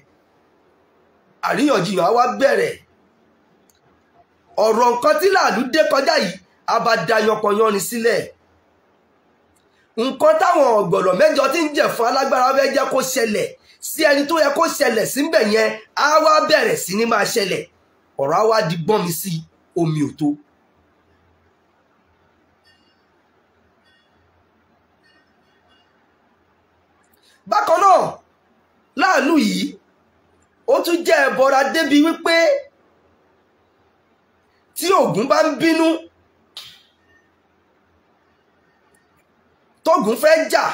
àríyànjiyàn á wá bẹ̀rẹ̀ ọ̀rọ̀ nǹkan tí dé yìí a bá da yanpọ̀yan sílẹ̀ nǹkan táwọn ọ̀gbọ̀nà mẹ́jọ tí ń jẹ̀ fún alágbára fẹ́ jẹ́ kó ṣẹlẹ̀ sí ẹni tó yẹ kó ṣẹlẹ̀ síbẹ̀ yẹn á wá bẹ̀rẹ̀ sí máa ṣẹlẹ̀ ọ̀rọ̀ omi òtó bákan náà láàlú yìí ó tún jẹ́ ẹbọra débi wípé tí Ògún bá ń bínú tógun fẹ́ jà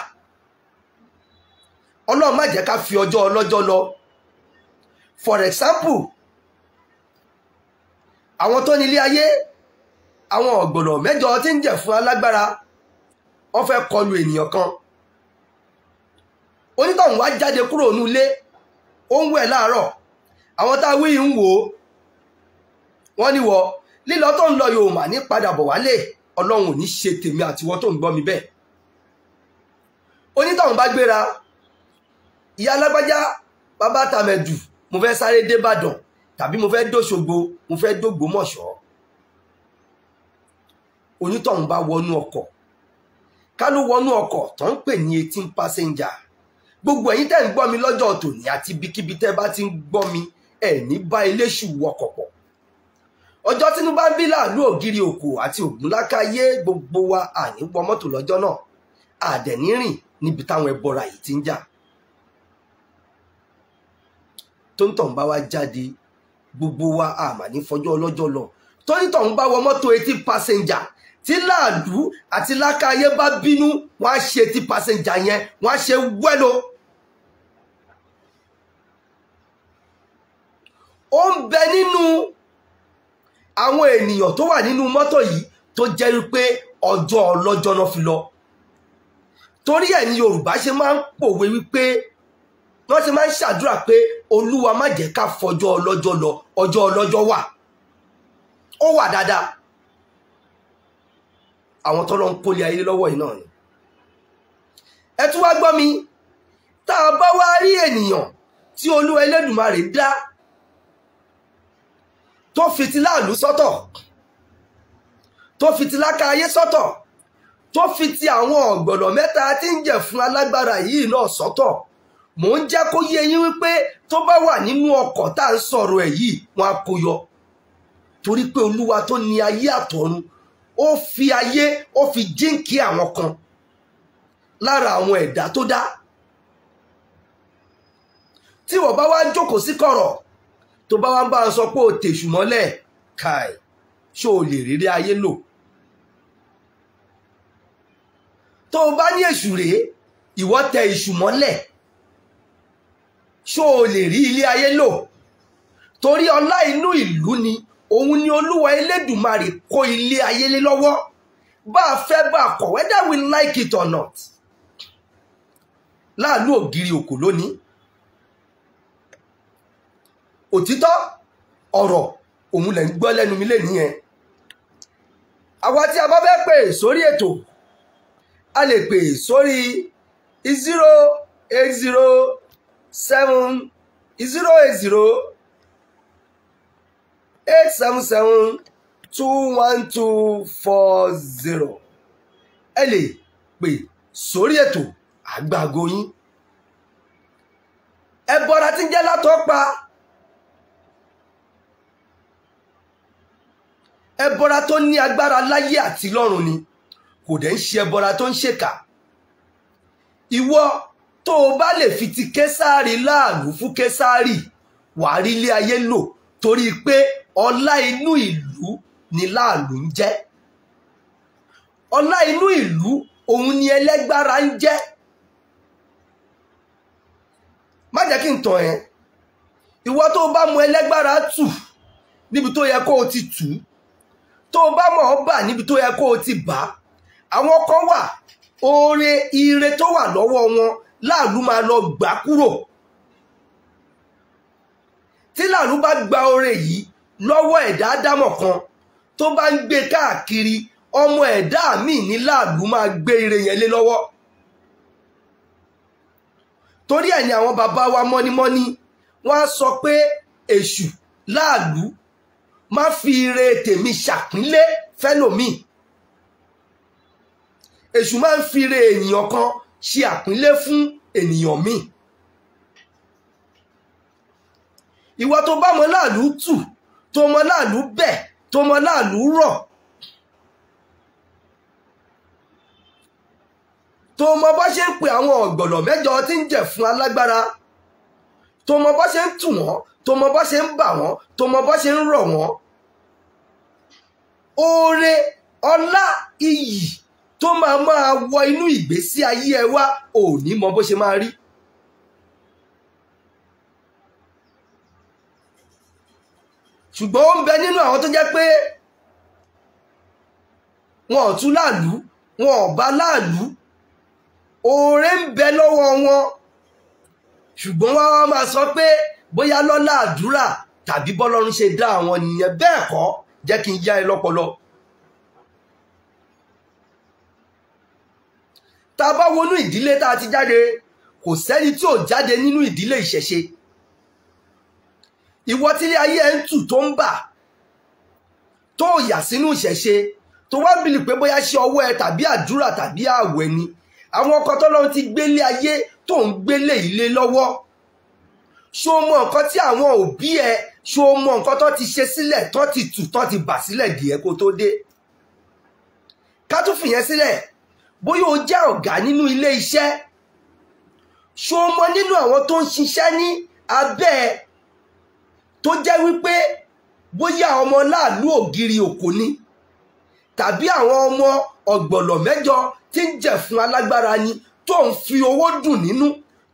ọlọ́run má jẹ́ ká fi ọjọ́ ọlọ́jọ́ lọ for example àwọn tó nílé ayé àwọn ọ̀gbọ̀nọ̀ mẹ́jọ tí ń jẹ̀ fún alágbára wọ́n fẹ́ kọlu ènìyàn kan onítọ̀hún wá jáde kúrò ní ilé ó ń wẹ̀ láàárọ̀ àwọn tá a wí ń wò ó wọ́n ní wọ lílọ tó ń lọ yóò mà ní padà bọ̀ wálé ọlọ́run ò ní ṣe tèmi àtiwọ́ tó ń gbọ́ mi bẹ́ẹ̀ onítọ̀hún bá gbéra ìyá alágbájá bàbá tàmẹ̀dù mo fẹ́ sáré débàdàn tàbí mo fẹ́ dòṣogbo mo fẹ́ dògbómọ̀ṣọ́ onítọ̀hún bá wọnú ọkọ̀ ká wọnú ọkọ̀ tó ń pè ní eighteen passenger gbogbo ẹ̀yin tẹ́ ń gbọ́ mi lọ́jọ́ tòní àti ibikíbi tẹ́ bá ti ń gbọ́ mi ẹ̀ ní bá iléṣù wọkọ̀ pọ̀ ọjọ́ tínú bá ń bí láàlú ògiri òkò àti ògúnlákàyé gbogbo wa àní wọ mọ́tò lọ́jọ́ náà àdẹ̀ní rìn níbi táwọn ẹbọra yìí ti ń jà tóńtọ̀n bá wa jáde gbogbo wa àmà ní fọjọ́ ọlọ́jọ́ lọ tóńtọ̀n bá wọ mọ́tò etí pásẹ̀njà tí láàlú àti lákàyé bá bínú wọ́n á ṣe etí pásẹ̀njà yẹn wọ́n á ṣe wẹ́lò. Well ó ń bẹ nínú àwọn ènìyàn tó wà nínú mọ́tò yìí tó jẹ́ wípé ọjọ́ ọlọ́jọ́ náà fi lọ torí ẹ̀ ní yorùbá ṣe máa ń pòwe wípé wọ́n ṣe máa ń ṣàdúrà pé olúwa má jẹ́ ká fọjọ́ ọlọ́jọ́ lọ ọjọ́ ọlọ́jọ́ wà ó wà dáadáa àwọn tọ́lọ́ ń kólé ayé lọ́wọ́ yìí náà ni ẹ tún wá gbọ́ mi tá a bá wá rí ènìyàn tí olúwa elédùmarè dá tó fitilá ìlú sọ́tọ̀ tó fitilá ka ayé sọ́tọ̀ tó fi ti àwọn ọ̀gbọ̀nọ̀ mẹ́ta tí ń jẹ̀ fún alágbára yìí náà sọ́tọ̀ mò ń jẹ́ kó yé yín wípé tó bá wà nínú ọkọ̀ tá à ń sọ̀rọ̀ ẹ̀ yìí wọn á kó yọ torí pé olúwa tó ní ayé àtọ̀run ó fi ayé ó fi jíǹkí àwọn kan lára àwọn ẹ̀dá tó dá tí wọ́n bá wá jókòó sí kọ̀rọ̀ tó bá wá ń bá a sọ pé o tèṣù mọ́lẹ̀ káì ṣó o lè rírí ayé lò tó o bá ní èṣù rèé ìwọ tẹ èṣù mọ́lẹ̀ ṣó o lè rí ilé ayé lò torí ọlá inú ìlú ni òun ni olúwa elédùmarè kó ilé ayé lé lọ́wọ́ bá a fẹ́ bá a kọ̀ whether we like it or not láàlú ògiri òkò lónìí òtítọ́ ọ̀rọ̀ òun lẹ̀ ń gbọ́ lẹ́nu mi lè nìyẹn àwa tí a bá fẹ́ pè sórí ètò a lè pè sórí zero eight zero seven zero eight zero eight seven seven two one two four zero ẹ lè pè sórí ètò àgbàgo yín ẹ bọ́ra tí ń jẹ́ látọ́ pa. ẹbọra tó ní agbára láyé àti lọ́run ni kò dẹ̀ ń ṣe ẹbọra tó ń ṣèkà ìwọ tó o bá lè fi ti késàárì láàánú fún késàárì wàá rí ilé ayé lò torí pé ọlá inú ìlú ni láàánú ń jẹ́ ọlá inú ìlú òun ni ẹlẹ́gbára ń jẹ́ má jẹ́ kí n tàn ẹ́ ìwọ tó bá mú ẹlẹ́gbára tù níbi tó yẹ kó o ti tù ú tó bá mọ̀ ọ́ bà níbi tó yẹ kó o ti bà á àwọn kan wà oore ire tó wà lọ́wọ́ wọn láàlú máa lọ gbà kúrò tí láàlú bá gba oore yìí lọ́wọ́ ẹ̀dá ádámọ̀ kan tó bá ń gbé káàkiri ọmọ ẹ̀dá míì ní láàlú máa gbé ire yẹn lé lọ́wọ́ torí ẹ̀ ni àwọn bàbá wa mọ́nímọ́ní wọ́n á sọ pé èṣù láàlú má fi ire tèmi ṣàpínlẹ̀ fẹ́lòmíì èṣù máa ń fi ire ènìyàn kan ṣe àpínlẹ̀ fún ènìyàn míì ìwọ tó bá mọ láàlú tù tó mọ láàlú bẹ̀ tó mọ láàlú rọ̀ tó mọ bá ṣe ń pe àwọn ọ̀gbọ̀nọ̀ mẹ́jọ tí ń jẹ̀ fún alágbára tó mọ bá ṣe ń tù wọ́n tó mọ bọ́ ṣe ń bà wọ́n tó mọ bọ́ ṣe ń rọ̀ wọ́n oore ọlá iyì tó máa máa wọ inú ìgbésí ayé ẹ wá ò ní mọ bó ṣe máa rí ṣùgbọ́n ó ń bẹ nínú àwọn tó jẹ́ pé wọn ò tún láàlú wọn ò bá láàlú oore ń bẹ lọ́wọ́ wọn ṣùgbọ́n wá máa sọ pé bóyá lọ́lá àdúrà tàbí bọ́lọ́run ṣe dá àwọn nìyẹn bẹ́ẹ̀ kọ́ jẹ́ kí n yá ẹ lọ́pọlọ. tá a bá wọnú ìdílé tá a ti jáde kò sẹ́ni tí ò jáde nínú ìdílé ìṣẹ̀ṣe ìwọ tílé ayé ẹ̀ ń tù tó ń bà tó yà sínú ìṣẹ̀ṣe tó wá bìlì pé bóyá ṣe ọwọ́ ẹ tàbí àdúrà tàbí ààwẹ̀ ni àwọn ọkọ tọ́lọ́run ti gbélé ayé tó ń gbélé ilé lọ́wọ́ ṣó mọ nǹkan tí àwọn òbí ẹ ṣó mọ nǹkan tó ti ṣe sílẹ̀ tó ti tù tó ti bà sílẹ̀ díẹ̀ kó tó dé ká tún fìyẹn sílẹ̀ bóyá o jẹ́ ọ̀gá nínú ilé iṣẹ́ ṣó mọ nínú àwọn tó ń ṣiṣẹ́ ní abẹ́ ẹ tó jẹ́ wípé bóyá ọmọ láàlú ògiri òkò ni tàbí àwọn ọmọ ọ̀gbọ̀lọ̀ mẹ́jọ tí ń jẹ̀ fún alágbára ni tó ń fi owó dùn nínú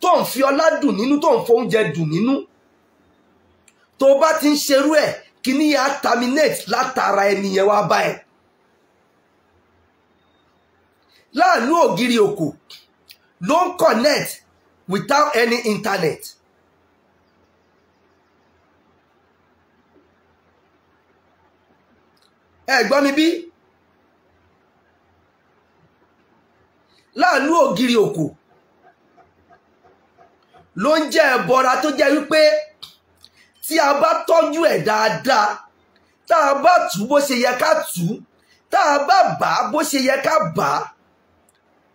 tó ń fi ọlá dùn nínú tó ń foúnjẹ dùn nínú tó bá ti ń ṣerú ẹ̀ kíní yà á terminate látara ẹni wá bá ẹ láàánú ògiri òkò ló ń connect without any internet. ẹ gbọ́ mi bí láàánú ògiri òkò ló ń jẹ́ ẹ̀bọra tó jẹ́ wípé tí a bá tọ́jú ẹ̀ dáadáa tá a bá tù bó ṣe yẹ ká tù tá a bá bà á bó ṣe yẹ ká bà á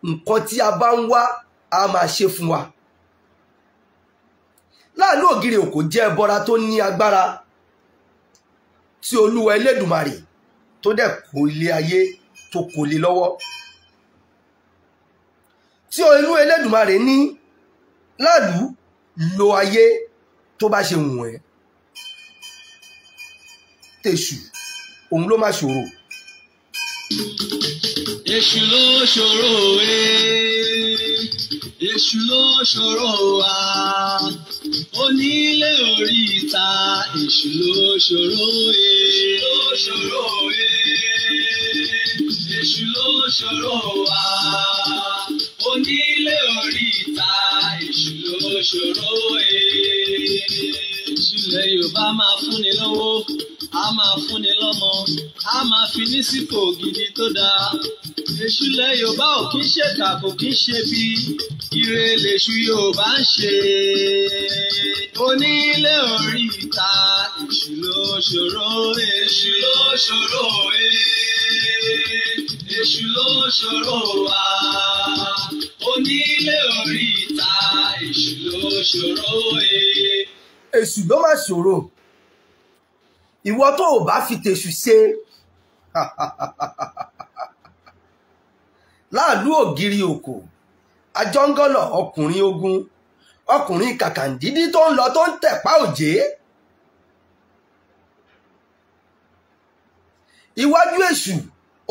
nǹkan tí a bá ń wá a máa ṣe fún wa. Láàlú ògiri òkò jẹ́ ẹ̀bọra tó ní agbára tí olúwa Elédùmarè tó dẹ̀ kó ilé ayé tó kò lè lọ́wọ́ tí olú Elédùmarè ní lálùú lo ayé tó bá ṣe wù ẹ́ tèṣù òun ló má ṣòro èṣù ló ṣòro òwe èṣù ló ṣòro wa onílé oríta èṣù ló ṣòro e ṣòro e èṣù ló ṣòro wa onílé ilẹ̀ Yorùbá máa fúnni lówó a máa fúnni lọ́mọ a máa fi ní sípò gidi tó dáa èṣù ilẹ̀ Yorùbá ò kí ń ṣèkà kò kí ń ṣe bí ire lèṣù Yorùbá ń ṣe onílé orí ìta èṣù ló ṣòro èṣù ló ṣòro èṣù ló ṣòro wa onílé orí ìta èṣù ló ṣòro èṣù èṣù ló máa ṣòro ìwọ tó o bá fi tèṣù ṣe [LAUGHS] láàlú ògiri òkò ajọ́ngọ́nà ọkùnrin ogun ọkùnrin kàkàndídí tó ń lọ tó ń tẹ̀pá òjé iwájú èṣù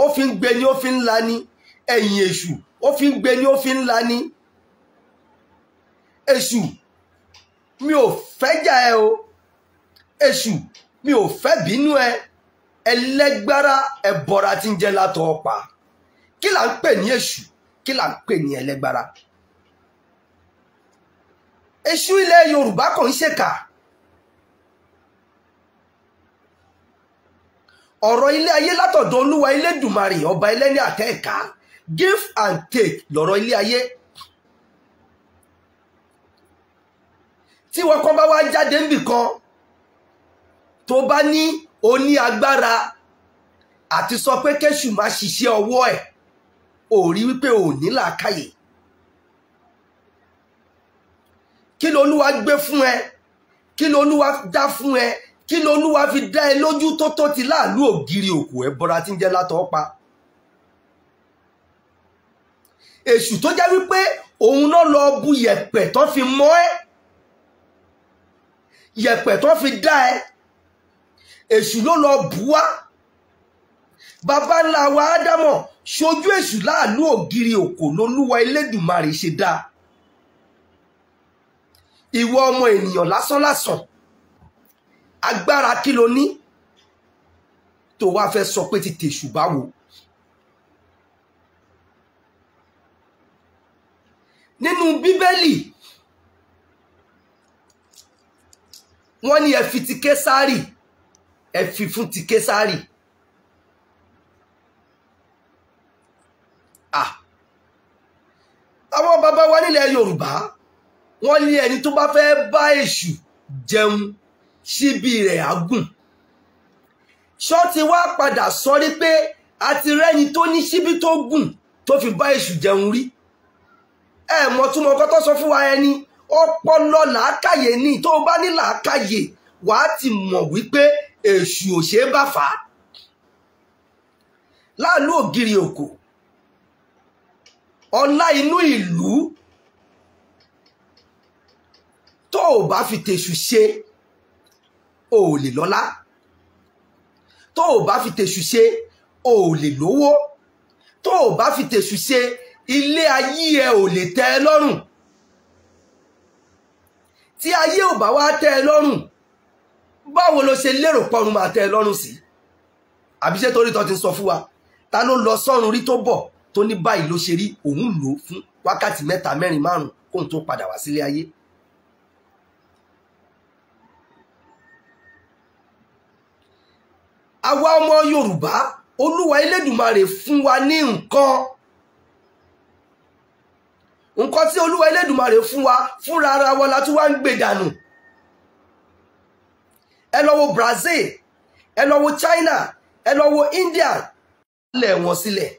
ó fi ń gbé ni ó fi ń lani ni ẹ̀yìn èṣù ó fi ń gbé ni ó fi ń la èṣù mi ò fẹ́jà ẹ o èṣù mi ò fẹ́ bínú ẹ ẹlẹ́gbára ẹ̀bọ̀ra tí ń jẹ́ látọ̀ ọ̀pá kí là ń pè ní èṣù kí là ń pè ní ẹlẹ́gbára èṣù ilẹ̀ yorùbá kò ń ṣèkà ọ̀rọ̀ ilé ayé látọ̀dọ̀ olúwa elédùmarè ọba ẹlẹ́ni àtẹ́ẹ̀ká give and take lọ̀rọ̀ ilé ayé tí wọ́n kàn bá wá jáde níbì kan tó bá ní o ní agbára àti sọ pé kéṣù má ṣiṣẹ́ ọwọ́ ẹ̀ ò rí wípé ò ní làákàyè kí lolúwa gbé fún ẹ kí lolúwa dá fún ẹ kí lolúwa fi dá ẹ lójú tó tó ti láàlú ògiri òkú ẹ bọra tí ń jẹ látọ pa èṣù tó jẹ́ wípé òun náà lọ bu yẹ̀pẹ̀ tó fi mọ́ ẹ́ yẹ̀pẹ̀ tó fi dá ẹ èṣù ló lọ bù wá bàbá ńlá wa ádámọ̀ ṣojú èṣù láàlú ògiri òkò lolúwa elédùmarè ṣe dáa ìwọ ọmọ ènìyàn lásánlásán agbára kí lo ní tó wá fẹ́ sọ pé ti tèṣù báwo nínú bíbélì wọ́n ní ẹ fi ti késárì ẹ fi fún ti késárì àwọn bàbá wa nílẹ̀ yorùbá wọ́n ní ẹni tó bá fẹ́ bá èṣù jẹun síbi rẹ̀ àgùn ṣọ́ọ̀tì wá padà sọ rí pé a ti rẹ́ni tó ní síbi tó gùn tó fi bá èṣù jẹun rí ẹ̀ mọ̀ túmọ̀ kọ́ tó sọ fún wa ẹni ọpọlọ làákàyè ni tó bá ní làákàyè wàá ti mọ̀ wípé èṣù ò ṣeé bá fà á láàlú ògiri òkò ọlá inú ìlú tó o bá fi tèṣù ṣe o ò lè lọ́lá tó o bá fi tèṣù ṣe o ò lè lówó tó o bá fi tèṣù ṣe ilé ayé ẹ ò lè tẹ́ ẹ lọ́rùn tí ayé ò bá wá tẹ́ ẹ lọ́rùn báwo ló ṣe lérò pọ́run máa tẹ́ ẹ lọ́rùn sí àbíṣẹ́ torí tó ti sọ fún wa ta ló lọ sọ́run rí tó bọ̀ tó ní báyìí ló ṣe rí òun lò fún wákàtí mẹ́ta mẹ́rin márùn kóun tó padà wá sílé ayé àwa ọmọ Yorùbá Olúwa Elédùmarè fún wa ní nǹkan nǹkan tí olúwa elédùmarè fún wa fúnra ara wa la tún wá ń gbé dànù ẹ lọ wo Brazil ẹ lọ wo China ẹ lọ wo India lẹ̀ wọ́n sílẹ̀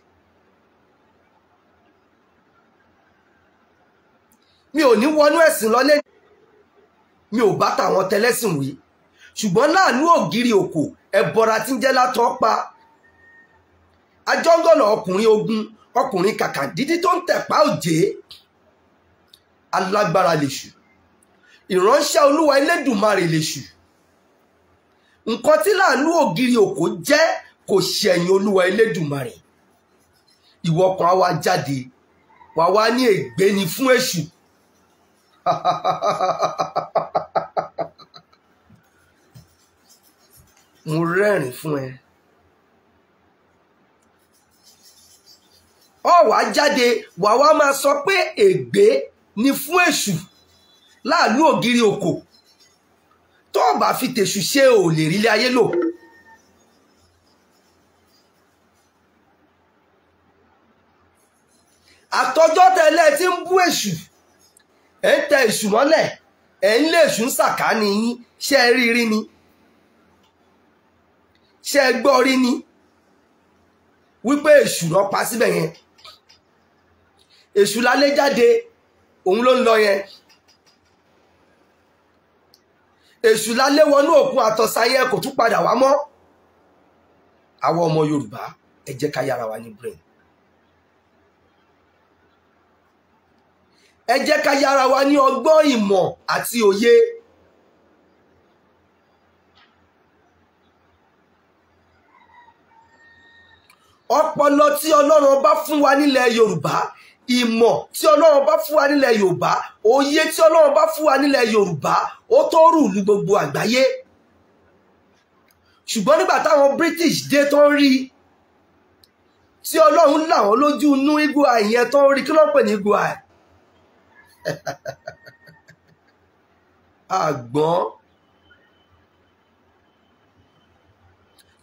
mi ò ní wọnú ẹ̀sìn lọ́lé mi ò bá tàwọn tẹlẹ́sìn wí ṣùgbọ́n láàánú ògiri òkò ẹ̀bọ̀ra tí ń jẹ́ látọ́ pa ajọ́ngọ̀nà ọkùnrin ogun ọkùnrin kàkà dídí tó ń tẹ̀pá òjé alágbára lèṣù ìránṣẹ́ olúwa elédùnmarè lèṣù nǹkan tí láàánú ògiri òkò jẹ́ kò ṣẹ̀yìn olúwa elédùnmarè ìwọ kan á wá jáde wà wá ní ègbé ni fún èṣù [LAUGHS] mo rẹ́rìn fún ẹ ọ wá jáde wà wá máa sọ pé ègbé ni fún èṣù láàlú ògiri òkò tó o bá fi tèṣù ṣe ò lè rí ilé ayé lò. àtọjọ́ tẹ́lẹ̀ tí ń bú èṣù ẹ̀ ń tẹ èṣù mọ́lẹ̀ ẹ̀ ń lé èṣù ń sàkání yín ṣé ẹ rí rí ni ṣé ẹ gbọ́ rí ni wípé èṣù ló pa síbẹ̀ yẹn èṣù lálé jáde òun ló ń lọ yẹn èṣù lálé wọnú òkun àtọ̀sáyé kò tún padà wá mọ́ àwọn ọmọ yorùbá ẹ jẹ́ ká yára wa ní brain ẹ jẹ́ ká yára wa ní ọgbọ́n ìmọ̀ àti òye ọpọlọ tí ọlọ́run bá fún wa nílẹ̀ yorùbá ìmọ̀ tí ọlọ́run bá fún wa nílẹ̀ yorùbá òye tí ọlọ́run bá fún wa nílẹ̀ yorùbá ó tó rù ní gbogbo àgbáyé ṣùgbọ́n nígbà táwọn british dé tó ń rí tí ọlọ́run làwọn lójú inú igua ìyẹn tó ń rí kí ló ń pè ní igua [LAUGHS] ẹ̀ àgbọ̀n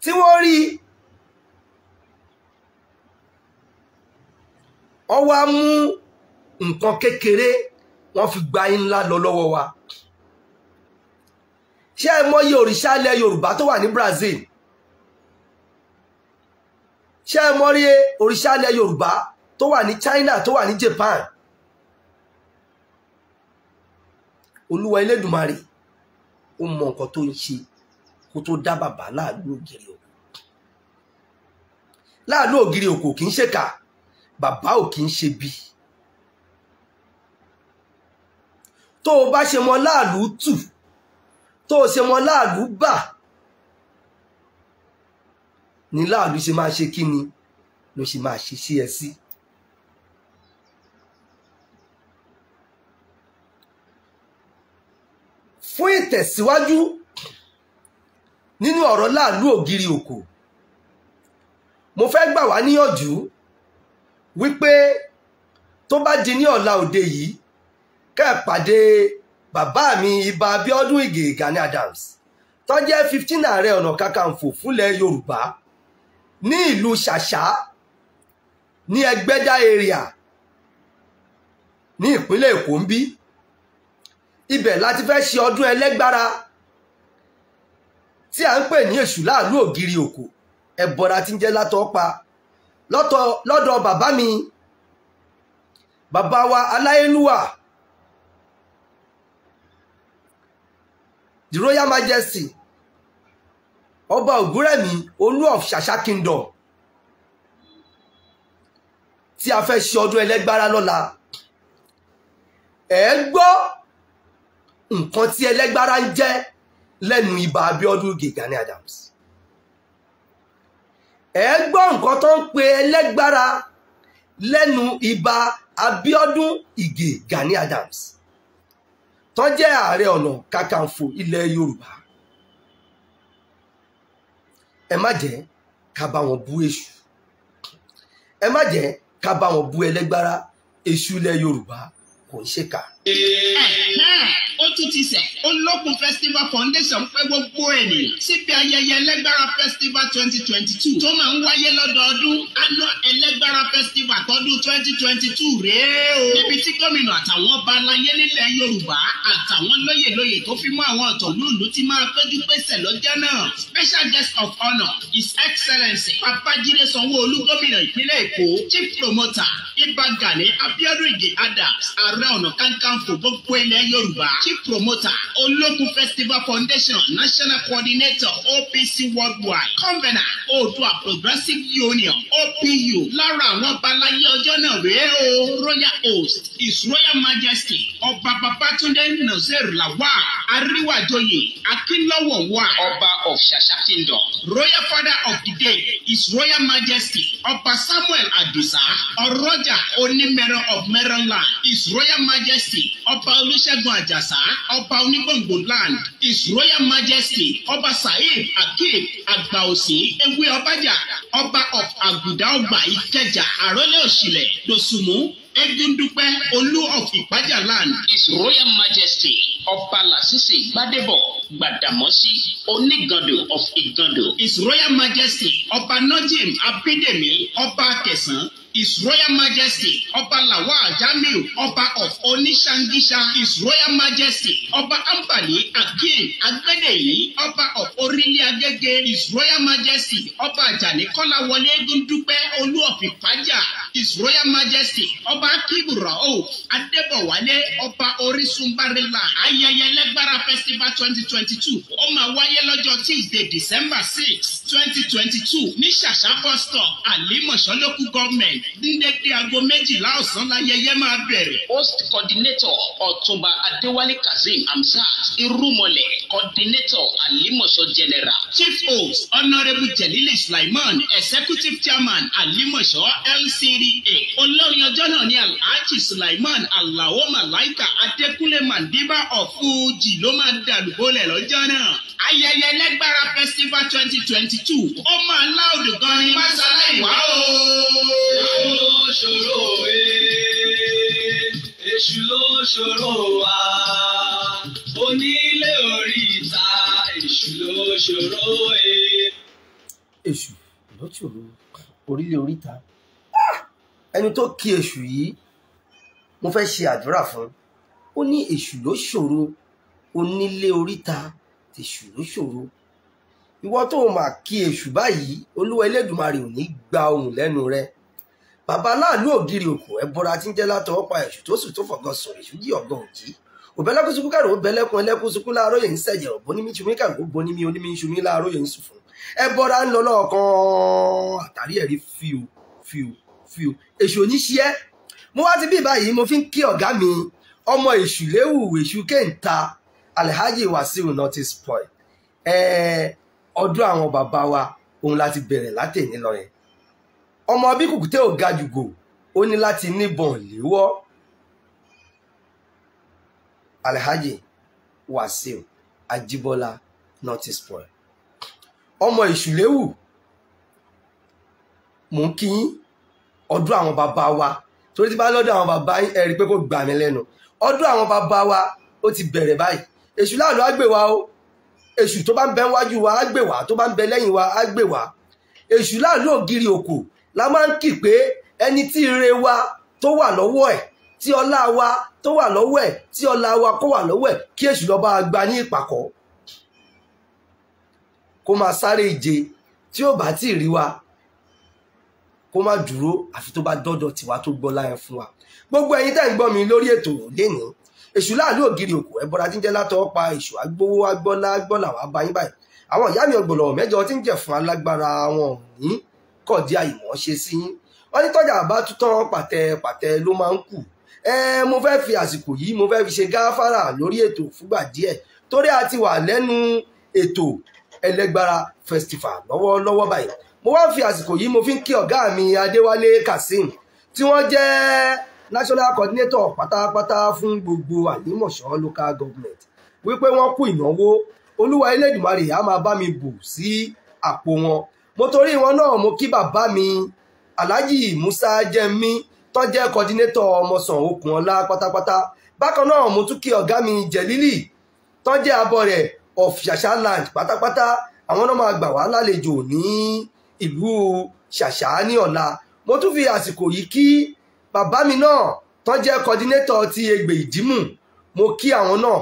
tí wọ́n rí i wọ́n wá mú nǹkan kékeré wọ́n fi gba yín ńlá lọ lọ́wọ́ wa ṣé ẹ mọyì òrìṣà ilẹ̀ yorùbá tó wà ní brazil ṣé ẹ mọrí òrìṣà ilẹ̀ yorùbá tó wà ní china tó wà ní japan olúwa elédùmarè ó mọ nǹkan tó ń ṣe kó tó dá bàbá láàlú ògiri òkò láàlú ògiri òkò kì í ṣèkà bàbá ò kì í ṣe bí tó o bá ṣe mọ láàlú tù tó o ṣe mọ láàlú bà ní láàlú ṣe máa ṣe kí ni ló ṣe máa ṣe sí ẹ sí. fún ìtẹ̀síwájú nínú ọ̀rọ̀ láàlú ògiri òkò mo fẹ́ gbà wá níyànjú wípé tó bá di ní ọ̀la òde yìí kẹ́ ẹ̀ pàdé bàbá mi Ìbà abiodun Ìgè Gani Adams tó jẹ́ fifteen ààrẹ ọ̀nà kakanfò fúnlẹ̀ Yorùbá ní ìlú Ṣàṣà ní Ẹgbẹ́dá area ní ìpínlẹ̀ Èkó ń bí ibẹ̀ láti fẹ́ ṣe ọdún ẹlẹ́gbára tí à ń pè ní èṣù láàlú ògiri òkò ẹ̀bọ̀ra ti ń jẹ́ látọ́ pa lọ́dọ̀ bàbá mi bàbá wa aláyélúwà the royal majesty ọba ògúnrẹ̀mí olú of ṣàṣà kingdom tí a fẹ́ ṣe ọdún ẹlẹ́gbára lọ́la ẹ̀ gbọ́ nǹkan tí ẹlẹ́gbára ń jẹ́ lẹ́nu ibà Abíọ́dún Gani Adams ẹ gbọ́ nǹkan tó ń pe ẹlẹ́gbára lẹ́nu ibà Abíọ́dún Ìgè Gani Adams tó jẹ́ ààrẹ ọ̀nà kàkàǹfò ilẹ̀ Yorùbá ẹ má jẹ́ ká bá wọn bú èṣù ẹ má jẹ́ ká bá wọn bú ẹlẹ́gbára èṣù ilẹ̀ Yorùbá kò ń ṣèkà ó tún ti sẹ̀ olókun festival foundation pé gbogbo ènìyàn síbi ayẹyẹ ẹlẹ́gbára festival twenty twenty two tó máa ń wáyé lọ́dọọdún annual ẹlẹ́gbára festival tọdún twenty twenty two rèé o. níbi tí gómìnà àtàwọn ọba aláyé nílẹ̀ yorùbá àtàwọn lóyè lóyè tó fi mọ́ àwọn ọ̀tọ̀lú ìlú ti máa péjú pésẹ̀ lọ́jọ́ náà special guest of honour his excellence. babájídé sanwó-olú gómìnà ìpínlẹ̀ èkó chief promoter ibà gani abiodun ige adams ààrẹ ọ̀nà kankan council gbogbo ilẹ̀ yorùbá chief promoter ológun festival foundation national coordinator opc worldwide convener oòduà progressive union opu lára àwọn balayé ọjọ́ náà rèé o royal host is royal majesty ọba babatunde nasir lawal ariwajoye akinlọwọwa ọba of ṣàṣà kingdom royal father of the day is royal majesty ọba samuel adisa ọrọjà onímẹrọ of maryland is royal majesty majesty ọba olúṣẹ́gun àjàsà ọba onígbòǹgbò land his royal majesty ọba saheed akeem àgbàòsì ewé ọbàjà ọba of àgùdà ọgbà ìkẹjà àrólé òṣìlẹ̀ dòsùmù egundupẹ olú of ìpájà land his royal majesty ọba lásìsì gbadebo gbàdàmọ́sí onígando of ìgando his royal majesty ọba nojim abídèmí ọba kẹsàn-án His Royal Majesty Ọba Lawal Jamiu Ọba of Onishangisha His Royal Majesty Ọba Ambani Akeem Agbedeyi Ọba of Orílẹ̀ Agége His Royal Majesty Ọba Àjàní Kọ́láwọlé Gúndúpẹ́ Olú of Ìpájà His Royal Majesty Ọba Kiburao Adébọ̀wálé Ọba Orísunbárìlà ayẹyẹ lẹ́gbára festival twenty twenty two ó máa wáyé lọ́jọ́ Tuesday December six twenty twenty two ní Ṣàṣà bus stop Àlímọ̀ṣọ́lókù gọ́ọ̀mẹ̀ntì nídẹ́gbẹ́ aago méjìlá ọ̀sán láyẹyẹ máa bẹ̀rẹ̀. Host coordinator Ọ̀túnba Adéwálé Kazeem Hamzat Irúmọlẹ̀ coordinator Àlímọ̀ṣọ́ general. Chief host Honourable Jelilis Sulaiman Executive Chairman Àlímọ̀ṣọ́ LCD NTA olórin ọjọ́ náà ni Alhaji Sulaiman Alao Malaika Adékúnlé Mandiba of Fuji ló máa dàlúbọ̀lẹ̀ lọ́jọ́ náà ayẹyẹ lẹ́gbára festival twenty twenty two ó máa láòdù gan ni mọ́sálá ìwà o. ló ṣòro e èṣù ló ṣòro wa onílé orí ìta èṣù ló ṣòro e. èṣù ló ṣòro orílẹ̀ oríta ẹni tó kí èṣù yìí mo fẹ́ ṣe àdúrà fún ó ní èṣù ló ṣòro onílé oríta tèṣù ló ṣòro ìwọ tó máa kí èṣù báyìí olúwa elédùnmarè ò ní gba ohùn lẹ́nu rẹ bàbá aláàlú ògiri òkò ẹbọra tí ń jẹ látọwọ́ pa èṣù tó sì tó fọgàn sùn èṣù jí ọgàn òjì òbẹlẹkùn sunkún kẹrù òbẹlẹkùn ẹlẹkùn sunkún láàárọ yẹn ń sẹjẹ òbónímí sumi kẹrù òbónímí onímí sumi láàárọ yẹn ń sùn fún ẹbọra ń lọ lọọkan àtàrí ẹrí fíò fíò you èṣù oníṣẹ́ mo wá ti bí báyìí mo fi ń kí ọ̀gá mi ọmọ èṣù léwu èṣù kéńtà alhaji wasiu notice point ọdún àwọn bàbá wa òun láti bẹ̀rẹ̀ látẹ̀ní lọ yẹn ọmọ bí kùkùté ò ga jùgò ó ní láti níbọn léwọ́ alhaji wasiu ajibola notice point ọmọ èṣù léwu mò ń kí yín ọdún àwọn bàbá wa torí tí bá lọ́dọ̀ àwọn bàbá ẹ rí pé kò gbà mí lẹ́nu ọdún àwọn bàbá wa ó ti bẹ̀rẹ̀ báyìí èṣù láàlú á gbè wá o èṣù tó bá ń bẹ wájú wa á gbè wá tó bá ń bẹ lẹ́yìn wa á gbè wá èṣù láàlú ògiri òkò la máa ń kì pé ẹni tí ire wa tó wà lọ́wọ́ ẹ̀ tí ọlá wa tó wà lọ́wọ́ ẹ̀ tí ọlá wa kó wà lọ́wọ́ ẹ̀ kí èṣù lọ bá gba ní ìpàkọ́ kó máa sáré ìje tí ó bá tí rí wa kó má dúró àfi tó bá dọ́dọ̀ tiwa tó gbọ́ láyé fún wa gbogbo ẹ̀yin tẹ́ ń gbọ́ mi lórí ètò lẹ́nìí èṣù láàlú ògiri òkú ẹbọra tí ń jẹ́ látọwọ́ pa èṣù agbowó agbọ́lá agbọ́là wàá bá yín báyìí àwọn ìyá mi ọgbọ̀lọ̀ mẹ́jọ tí ń jẹ́ fún alágbára wọn ní kọ̀dí àìmọ̀ ṣe sí yín wọ́n ní bá tútàn pàtẹ pàtẹ ló máa ń kù ẹ mo fẹ́ fi àsìkò yìí mo fẹ́ fi ṣe gáfárà lórí ètò fúgbà díẹ̀ torí a ti wà lẹ́nu ètò ẹlẹ́gbára festival lọ́wọ́lọ́wọ́ báyìí mo wá fi àsìkò yìí mo fi ń kí ọ̀gá mi adéwálé kazeem tí wọ́n jẹ́ national coordinator pátápátá fún gbogbo ànímọ̀ṣọ́ local government wípé wọ́n kú ìnáwó olúwa elédùmarè á máa bá mi bù sí àpò wọn mo torí wọn náà mo kí bàbá mi alhaji musa jẹmí tó jẹ́ coordinator ọmọsàn okùn ọlá pátápátá bákan náà mo tún kí ọ̀gá mi jẹ̀lílì tó jẹ́ abọ́ rẹ̀ of ṣàṣà land pátápátá àwọn náà máa gbà wá lálejò ní ìlú ṣàṣà ní ọ̀la mo tún fi àsìkò yìí kí bàbá mi náà tán jẹ́ kọdínétọ̀ ti Ẹgbẹ́ Ìdìmú mo kí àwọn náà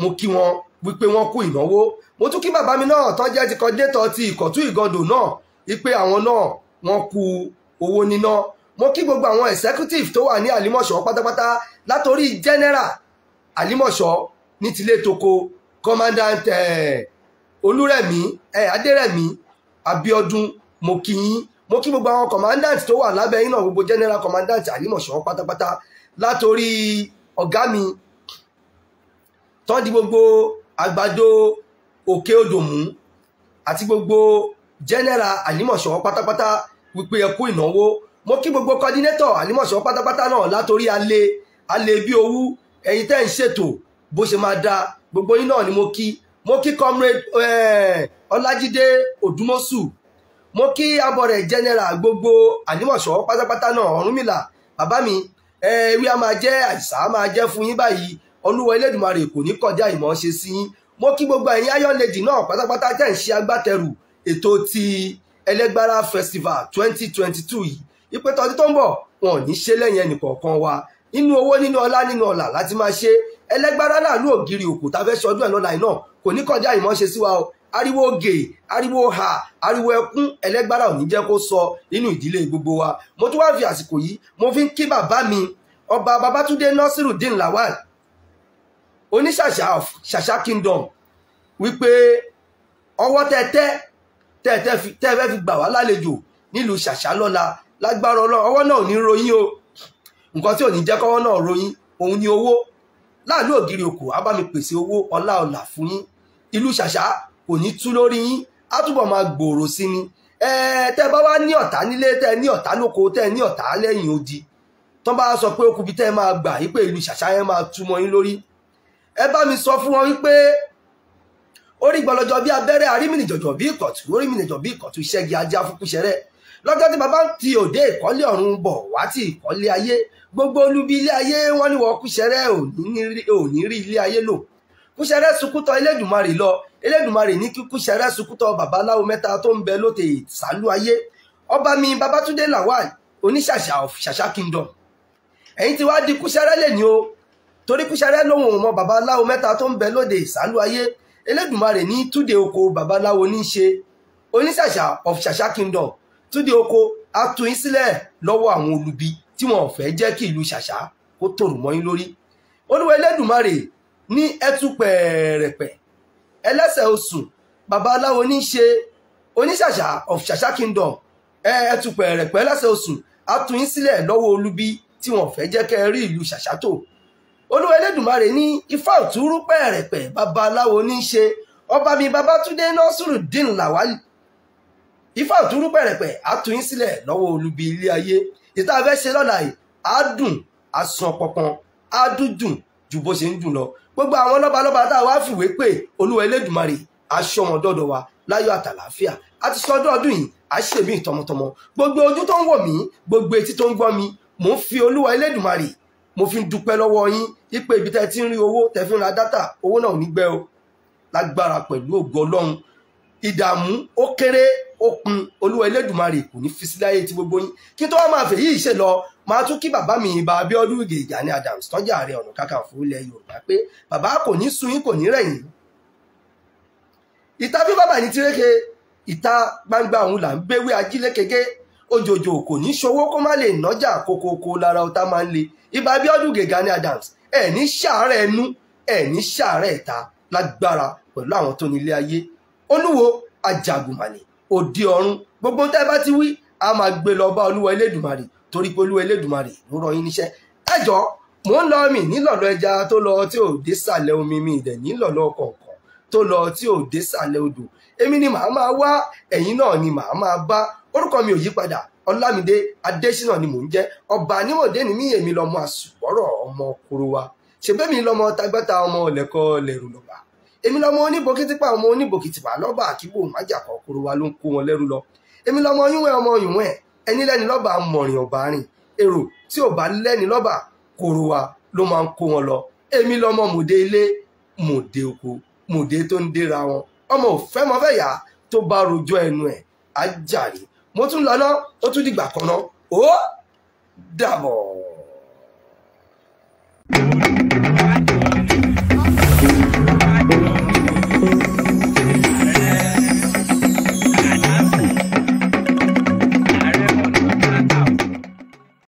mo kí wọn wípé wọ́n kú ìnáwó mo tún kí bàbá mi náà tán jẹ́ ti kọdínétọ̀ ti Ìkọ̀tún Ìgandò náà wípé àwọn náà wọ́n kú owó níná mo kí gbogbo àwọn executive tó wà ní àlímọ̀ṣọ́ pátápátá látòrí general àlímọ̀ṣọ́ ní tilé toko commandant eh, olúrẹ̀mí eh, adérẹ̀mí abíọ́dún mo kí yín mo kí gbogbo àwọn commandant tó wà lábẹ́ yín náà gbogbo general commandant ànímọ̀ṣọ́ pátápátá látòrí ọ̀gá mi tán di gbogbo àgbàdo òkè odò mú àti gbogbo general ànímọ̀ṣọ́ pátápátá wípé ẹ kú ìnáwó mo kí gbogbo coordinator ànímọ̀ṣọ́ pátápátá náà látòrí alẹ́ alẹ́ bí owú ẹ̀yin tẹ́ ń ṣètò bó ṣe máa da gbogbo yín náà ni mo kí mo kí comrade eh, ọlájídé odúmọ́sù mo kí abọ̀rẹ̀ general gbogbo ànímọ̀ṣọ́ pátápátá náà Ọ̀rúnmìlà bàbá mi ewé a máa jẹ́ àìsà a máa jẹ́ fún yín báyìí olúwa elédùnmarè kò ní kọjá ìmọ̀ ṣe sí yín mo kí gbogbo ẹ̀yin iron lady náà pátápátá jẹ́ ń agbátẹrù ètò ti ẹlẹ́gbára festival twenty twenty two yìí ìpè tọdún tó ń bọ̀ wọn ò ní ṣe lẹ́yìn ẹnìkọ̀ọ̀kan wa nínú owó nínú ọlá nínú ọlà láti máa ṣe ẹlẹ́gbára náà lóògiri òkú tá a fẹ́ ṣọdún ẹ̀ lọ́la yìí náà kò ní kọjá ìmọ̀ ṣe sí wa ariwo gè ariwo ha ariwo ẹkún ẹlẹ́gbára ò ní kó sọ nínú ìdílé gbogbo wa mo tún wá fi àsìkò yìí mo fi ń kí bàbá mi ọba Babátúndé Nasiruddin Lawal oníṣàṣà of ṣàṣà kingdom wípé ọwọ́ tẹ́tẹ́ tẹ́ẹ̀tẹ́ fẹ́ fi gbà wá lálejò nílùú ṣàṣà lọ́la lágbára ọlọ́run ọwọ́ náà ò ní ròyìn o nǹkan tí ò ní jẹ́ kọ́wọ́ náà ròyìn òun ni owó láàlú ògiri òkò á pèsè owó ọlá ọlà fún yín ìlú ṣàṣà kò ní tú lórí yín á túbọ̀ máa gbòòrò sí ni tẹ́ bá wá ní ọ̀tá nílé tẹ́ ní ọ̀tá lóko tẹ́ ní ọ̀tá lẹ́yìn odi tán bá sọ pé okùnbi tẹ́ máa gbà yí pé ìlú ṣàṣà yẹn máa túmọ̀ yín lórí ẹ bá mi sọ fún wọn wípé orí gbọlọjọ bí abẹ́rẹ́ arímìnìjọ̀jọ̀ bí ìkọ̀tù orímìnìjọ bí ìkọ̀tù ìṣẹ́gi ajé afúkúṣẹrẹ́ lọ́jọ́ tí bàbá ń ti òde ìkọ́lé ọ̀run bọ̀ wá ti ìkọ́lé ayé gbogbo olúbi ilé ayé wọ́n ní wọ́n kúṣẹrẹ́ òní rí ilé ayé lò kúṣẹrẹ sukútọ elédùnmarè lọ elédùnmarè ní kí kúṣẹrẹ sukútọ babaláwo mẹ́ta tó ń bẹ lóde ìsàlù ayé ọba mi babatunde lawal oníṣàṣà of ṣàṣà kingdom ẹ̀yin ti wá di kúṣẹrẹ lè ní o torí kúṣẹrẹ lòun ò mọ babaláwo mẹ́ta tó ń bẹ lóde ìsàlù ayé elédùnmarè ní túnde oko babaláwo ní ṣe oníṣàṣà of ṣàṣà kingdom túnde oko atuyin sílẹ̀ lọ́wọ́ àwọn olubi tí wọn ò fẹ́ jẹ́ kí ìlú ṣàṣà kó tòrò mọ́yín lórí olúwa elédùnmarè ní ẹtú pẹ̀rẹ̀pẹ̀ ẹlẹ́sẹ̀ oṣù babaláwo ní ṣe oníṣàṣà of ṣàṣà kingdom ẹtú pẹ̀rẹ̀pẹ̀ ẹlẹ́sẹ̀ oṣù atúyín sílẹ̀ lọ́wọ́ olúbi tí wọ́n fẹ́ jẹ́ kẹ́ rí ìlú ṣàṣà tó olúwa elédùnmarè ní ifá òtúrú pẹ̀rẹ̀pẹ̀ babaláwo ní ṣe ọba mi babátúndé nọ́sùrù dín làwálì ifá òtúrú pẹ̀rẹ̀pẹ̀ atúyín sílẹ̀ lọ́wọ́ olúbi ilé ayé ìta fẹ́ ṣe lọ́la yìí á dùn á san pọpọn á dúdùn ju bó ṣe ń dùn lọ gbogbo àwọn lọ́balọ́ba tá a wá fìwé pé olúwa elédùmarè aṣọ wọn dọ́dọ̀ wa láyọ̀ àtàlàáfíà a ti sọdọ́ ọdún yìí a ṣe mí tọmọtọmọ gbogbo ojú tó ń wò mí gbogbo etí tó ń gbọ́ mi mò ń fi olúwa elédùmarè mo fi ń dúpẹ́ lọ́wọ́ yín wípé ibi tẹ́ ti ń rí owó tẹ́ fi ń ra dátà owó náà ò ní gbẹ o lágbára pẹ̀lú ògo ọlọ́run ìdààmú ó kéré okun olúwa elédùmarè kò ní fi síláyé ti gbogbo yín kí tó wá máa fèyí ìṣe lọ máa tún kí bàbá mi ìbà Abíọ́dún Ìgè Gani Adams tán jẹ́ ààrẹ ọ̀nà kakanfò ilẹ̀ Yorùbá pé bàbá kò ní sú yín kò ní rẹ̀ yín ìta bí bàbá ní tirẹ́kẹ́ ìta gbangba òun là ń gbéwé ajílékege òjòjò kò ní ṣòwò kó má lè nájà kokoko lára ọ̀tá máa ń le ìbà Abíọ́dún Ìgè Gani Adams ẹ̀ ní ṣàárẹ̀ ẹnu ẹ̀ ní ṣàárẹ̀ ìta lágbára pẹ̀lú àwọn tó nílé ayé olúwo àjàgùnmàlè òde ọ̀run gbogbo tẹ́ bá ti wí a máa gbé lọ bá olúwa elédùmarè torí pé olúwa elédùmarè ló rọ yín níṣẹ́ ẹ mò ń lọ mì nílọ̀lọ́ ẹja tó lọ tí ò dé sàlẹ̀ omi mi ìdẹ̀ nílọ̀lọ́ kọ̀ọ̀kan tó lọ tí ò dé sàlẹ̀ odò èmi ni màá máa wá ẹ̀yin náà ni màá máa bá orúkọ mi ò yí padà ọlámidé adésínà ni mò ń jẹ́ ọba nímọ̀dé ni mí èmi lọmọ àsùpọ̀rọ̀ ọmọ koro wa ṣèbẹ́mi lọmọ tagbáta ọmọ ọ̀lẹ́kọ̀ọ́ lẹ́rù lọ́ba èmi lọmọ oníbòkítìpá ọmọ oníbòkítìpá lọ́ba àkíbò májàkọ̀ kúrò wa ló ń kó wọn lẹ́rú lọ èmi lọmọ yúnwẹ̀ ọmọ yúnwẹ̀ ẹni lẹ́ni lọ́ba mọ̀rìn ọ̀bà rìn èrò tí ò bá lẹ́ni lọ́ba kúrò wa ló máa ń kó wọn lọ èmi lọmọ mòde ilé mòde oko mòde tó ń déra wọn ọmọ òfẹ́ mọ fẹ́ yá tó bá rojọ́ ẹnu ẹ̀ á jàre mo tún lọ́nà ó tún dìgbà kan ná ó dàbọ̀.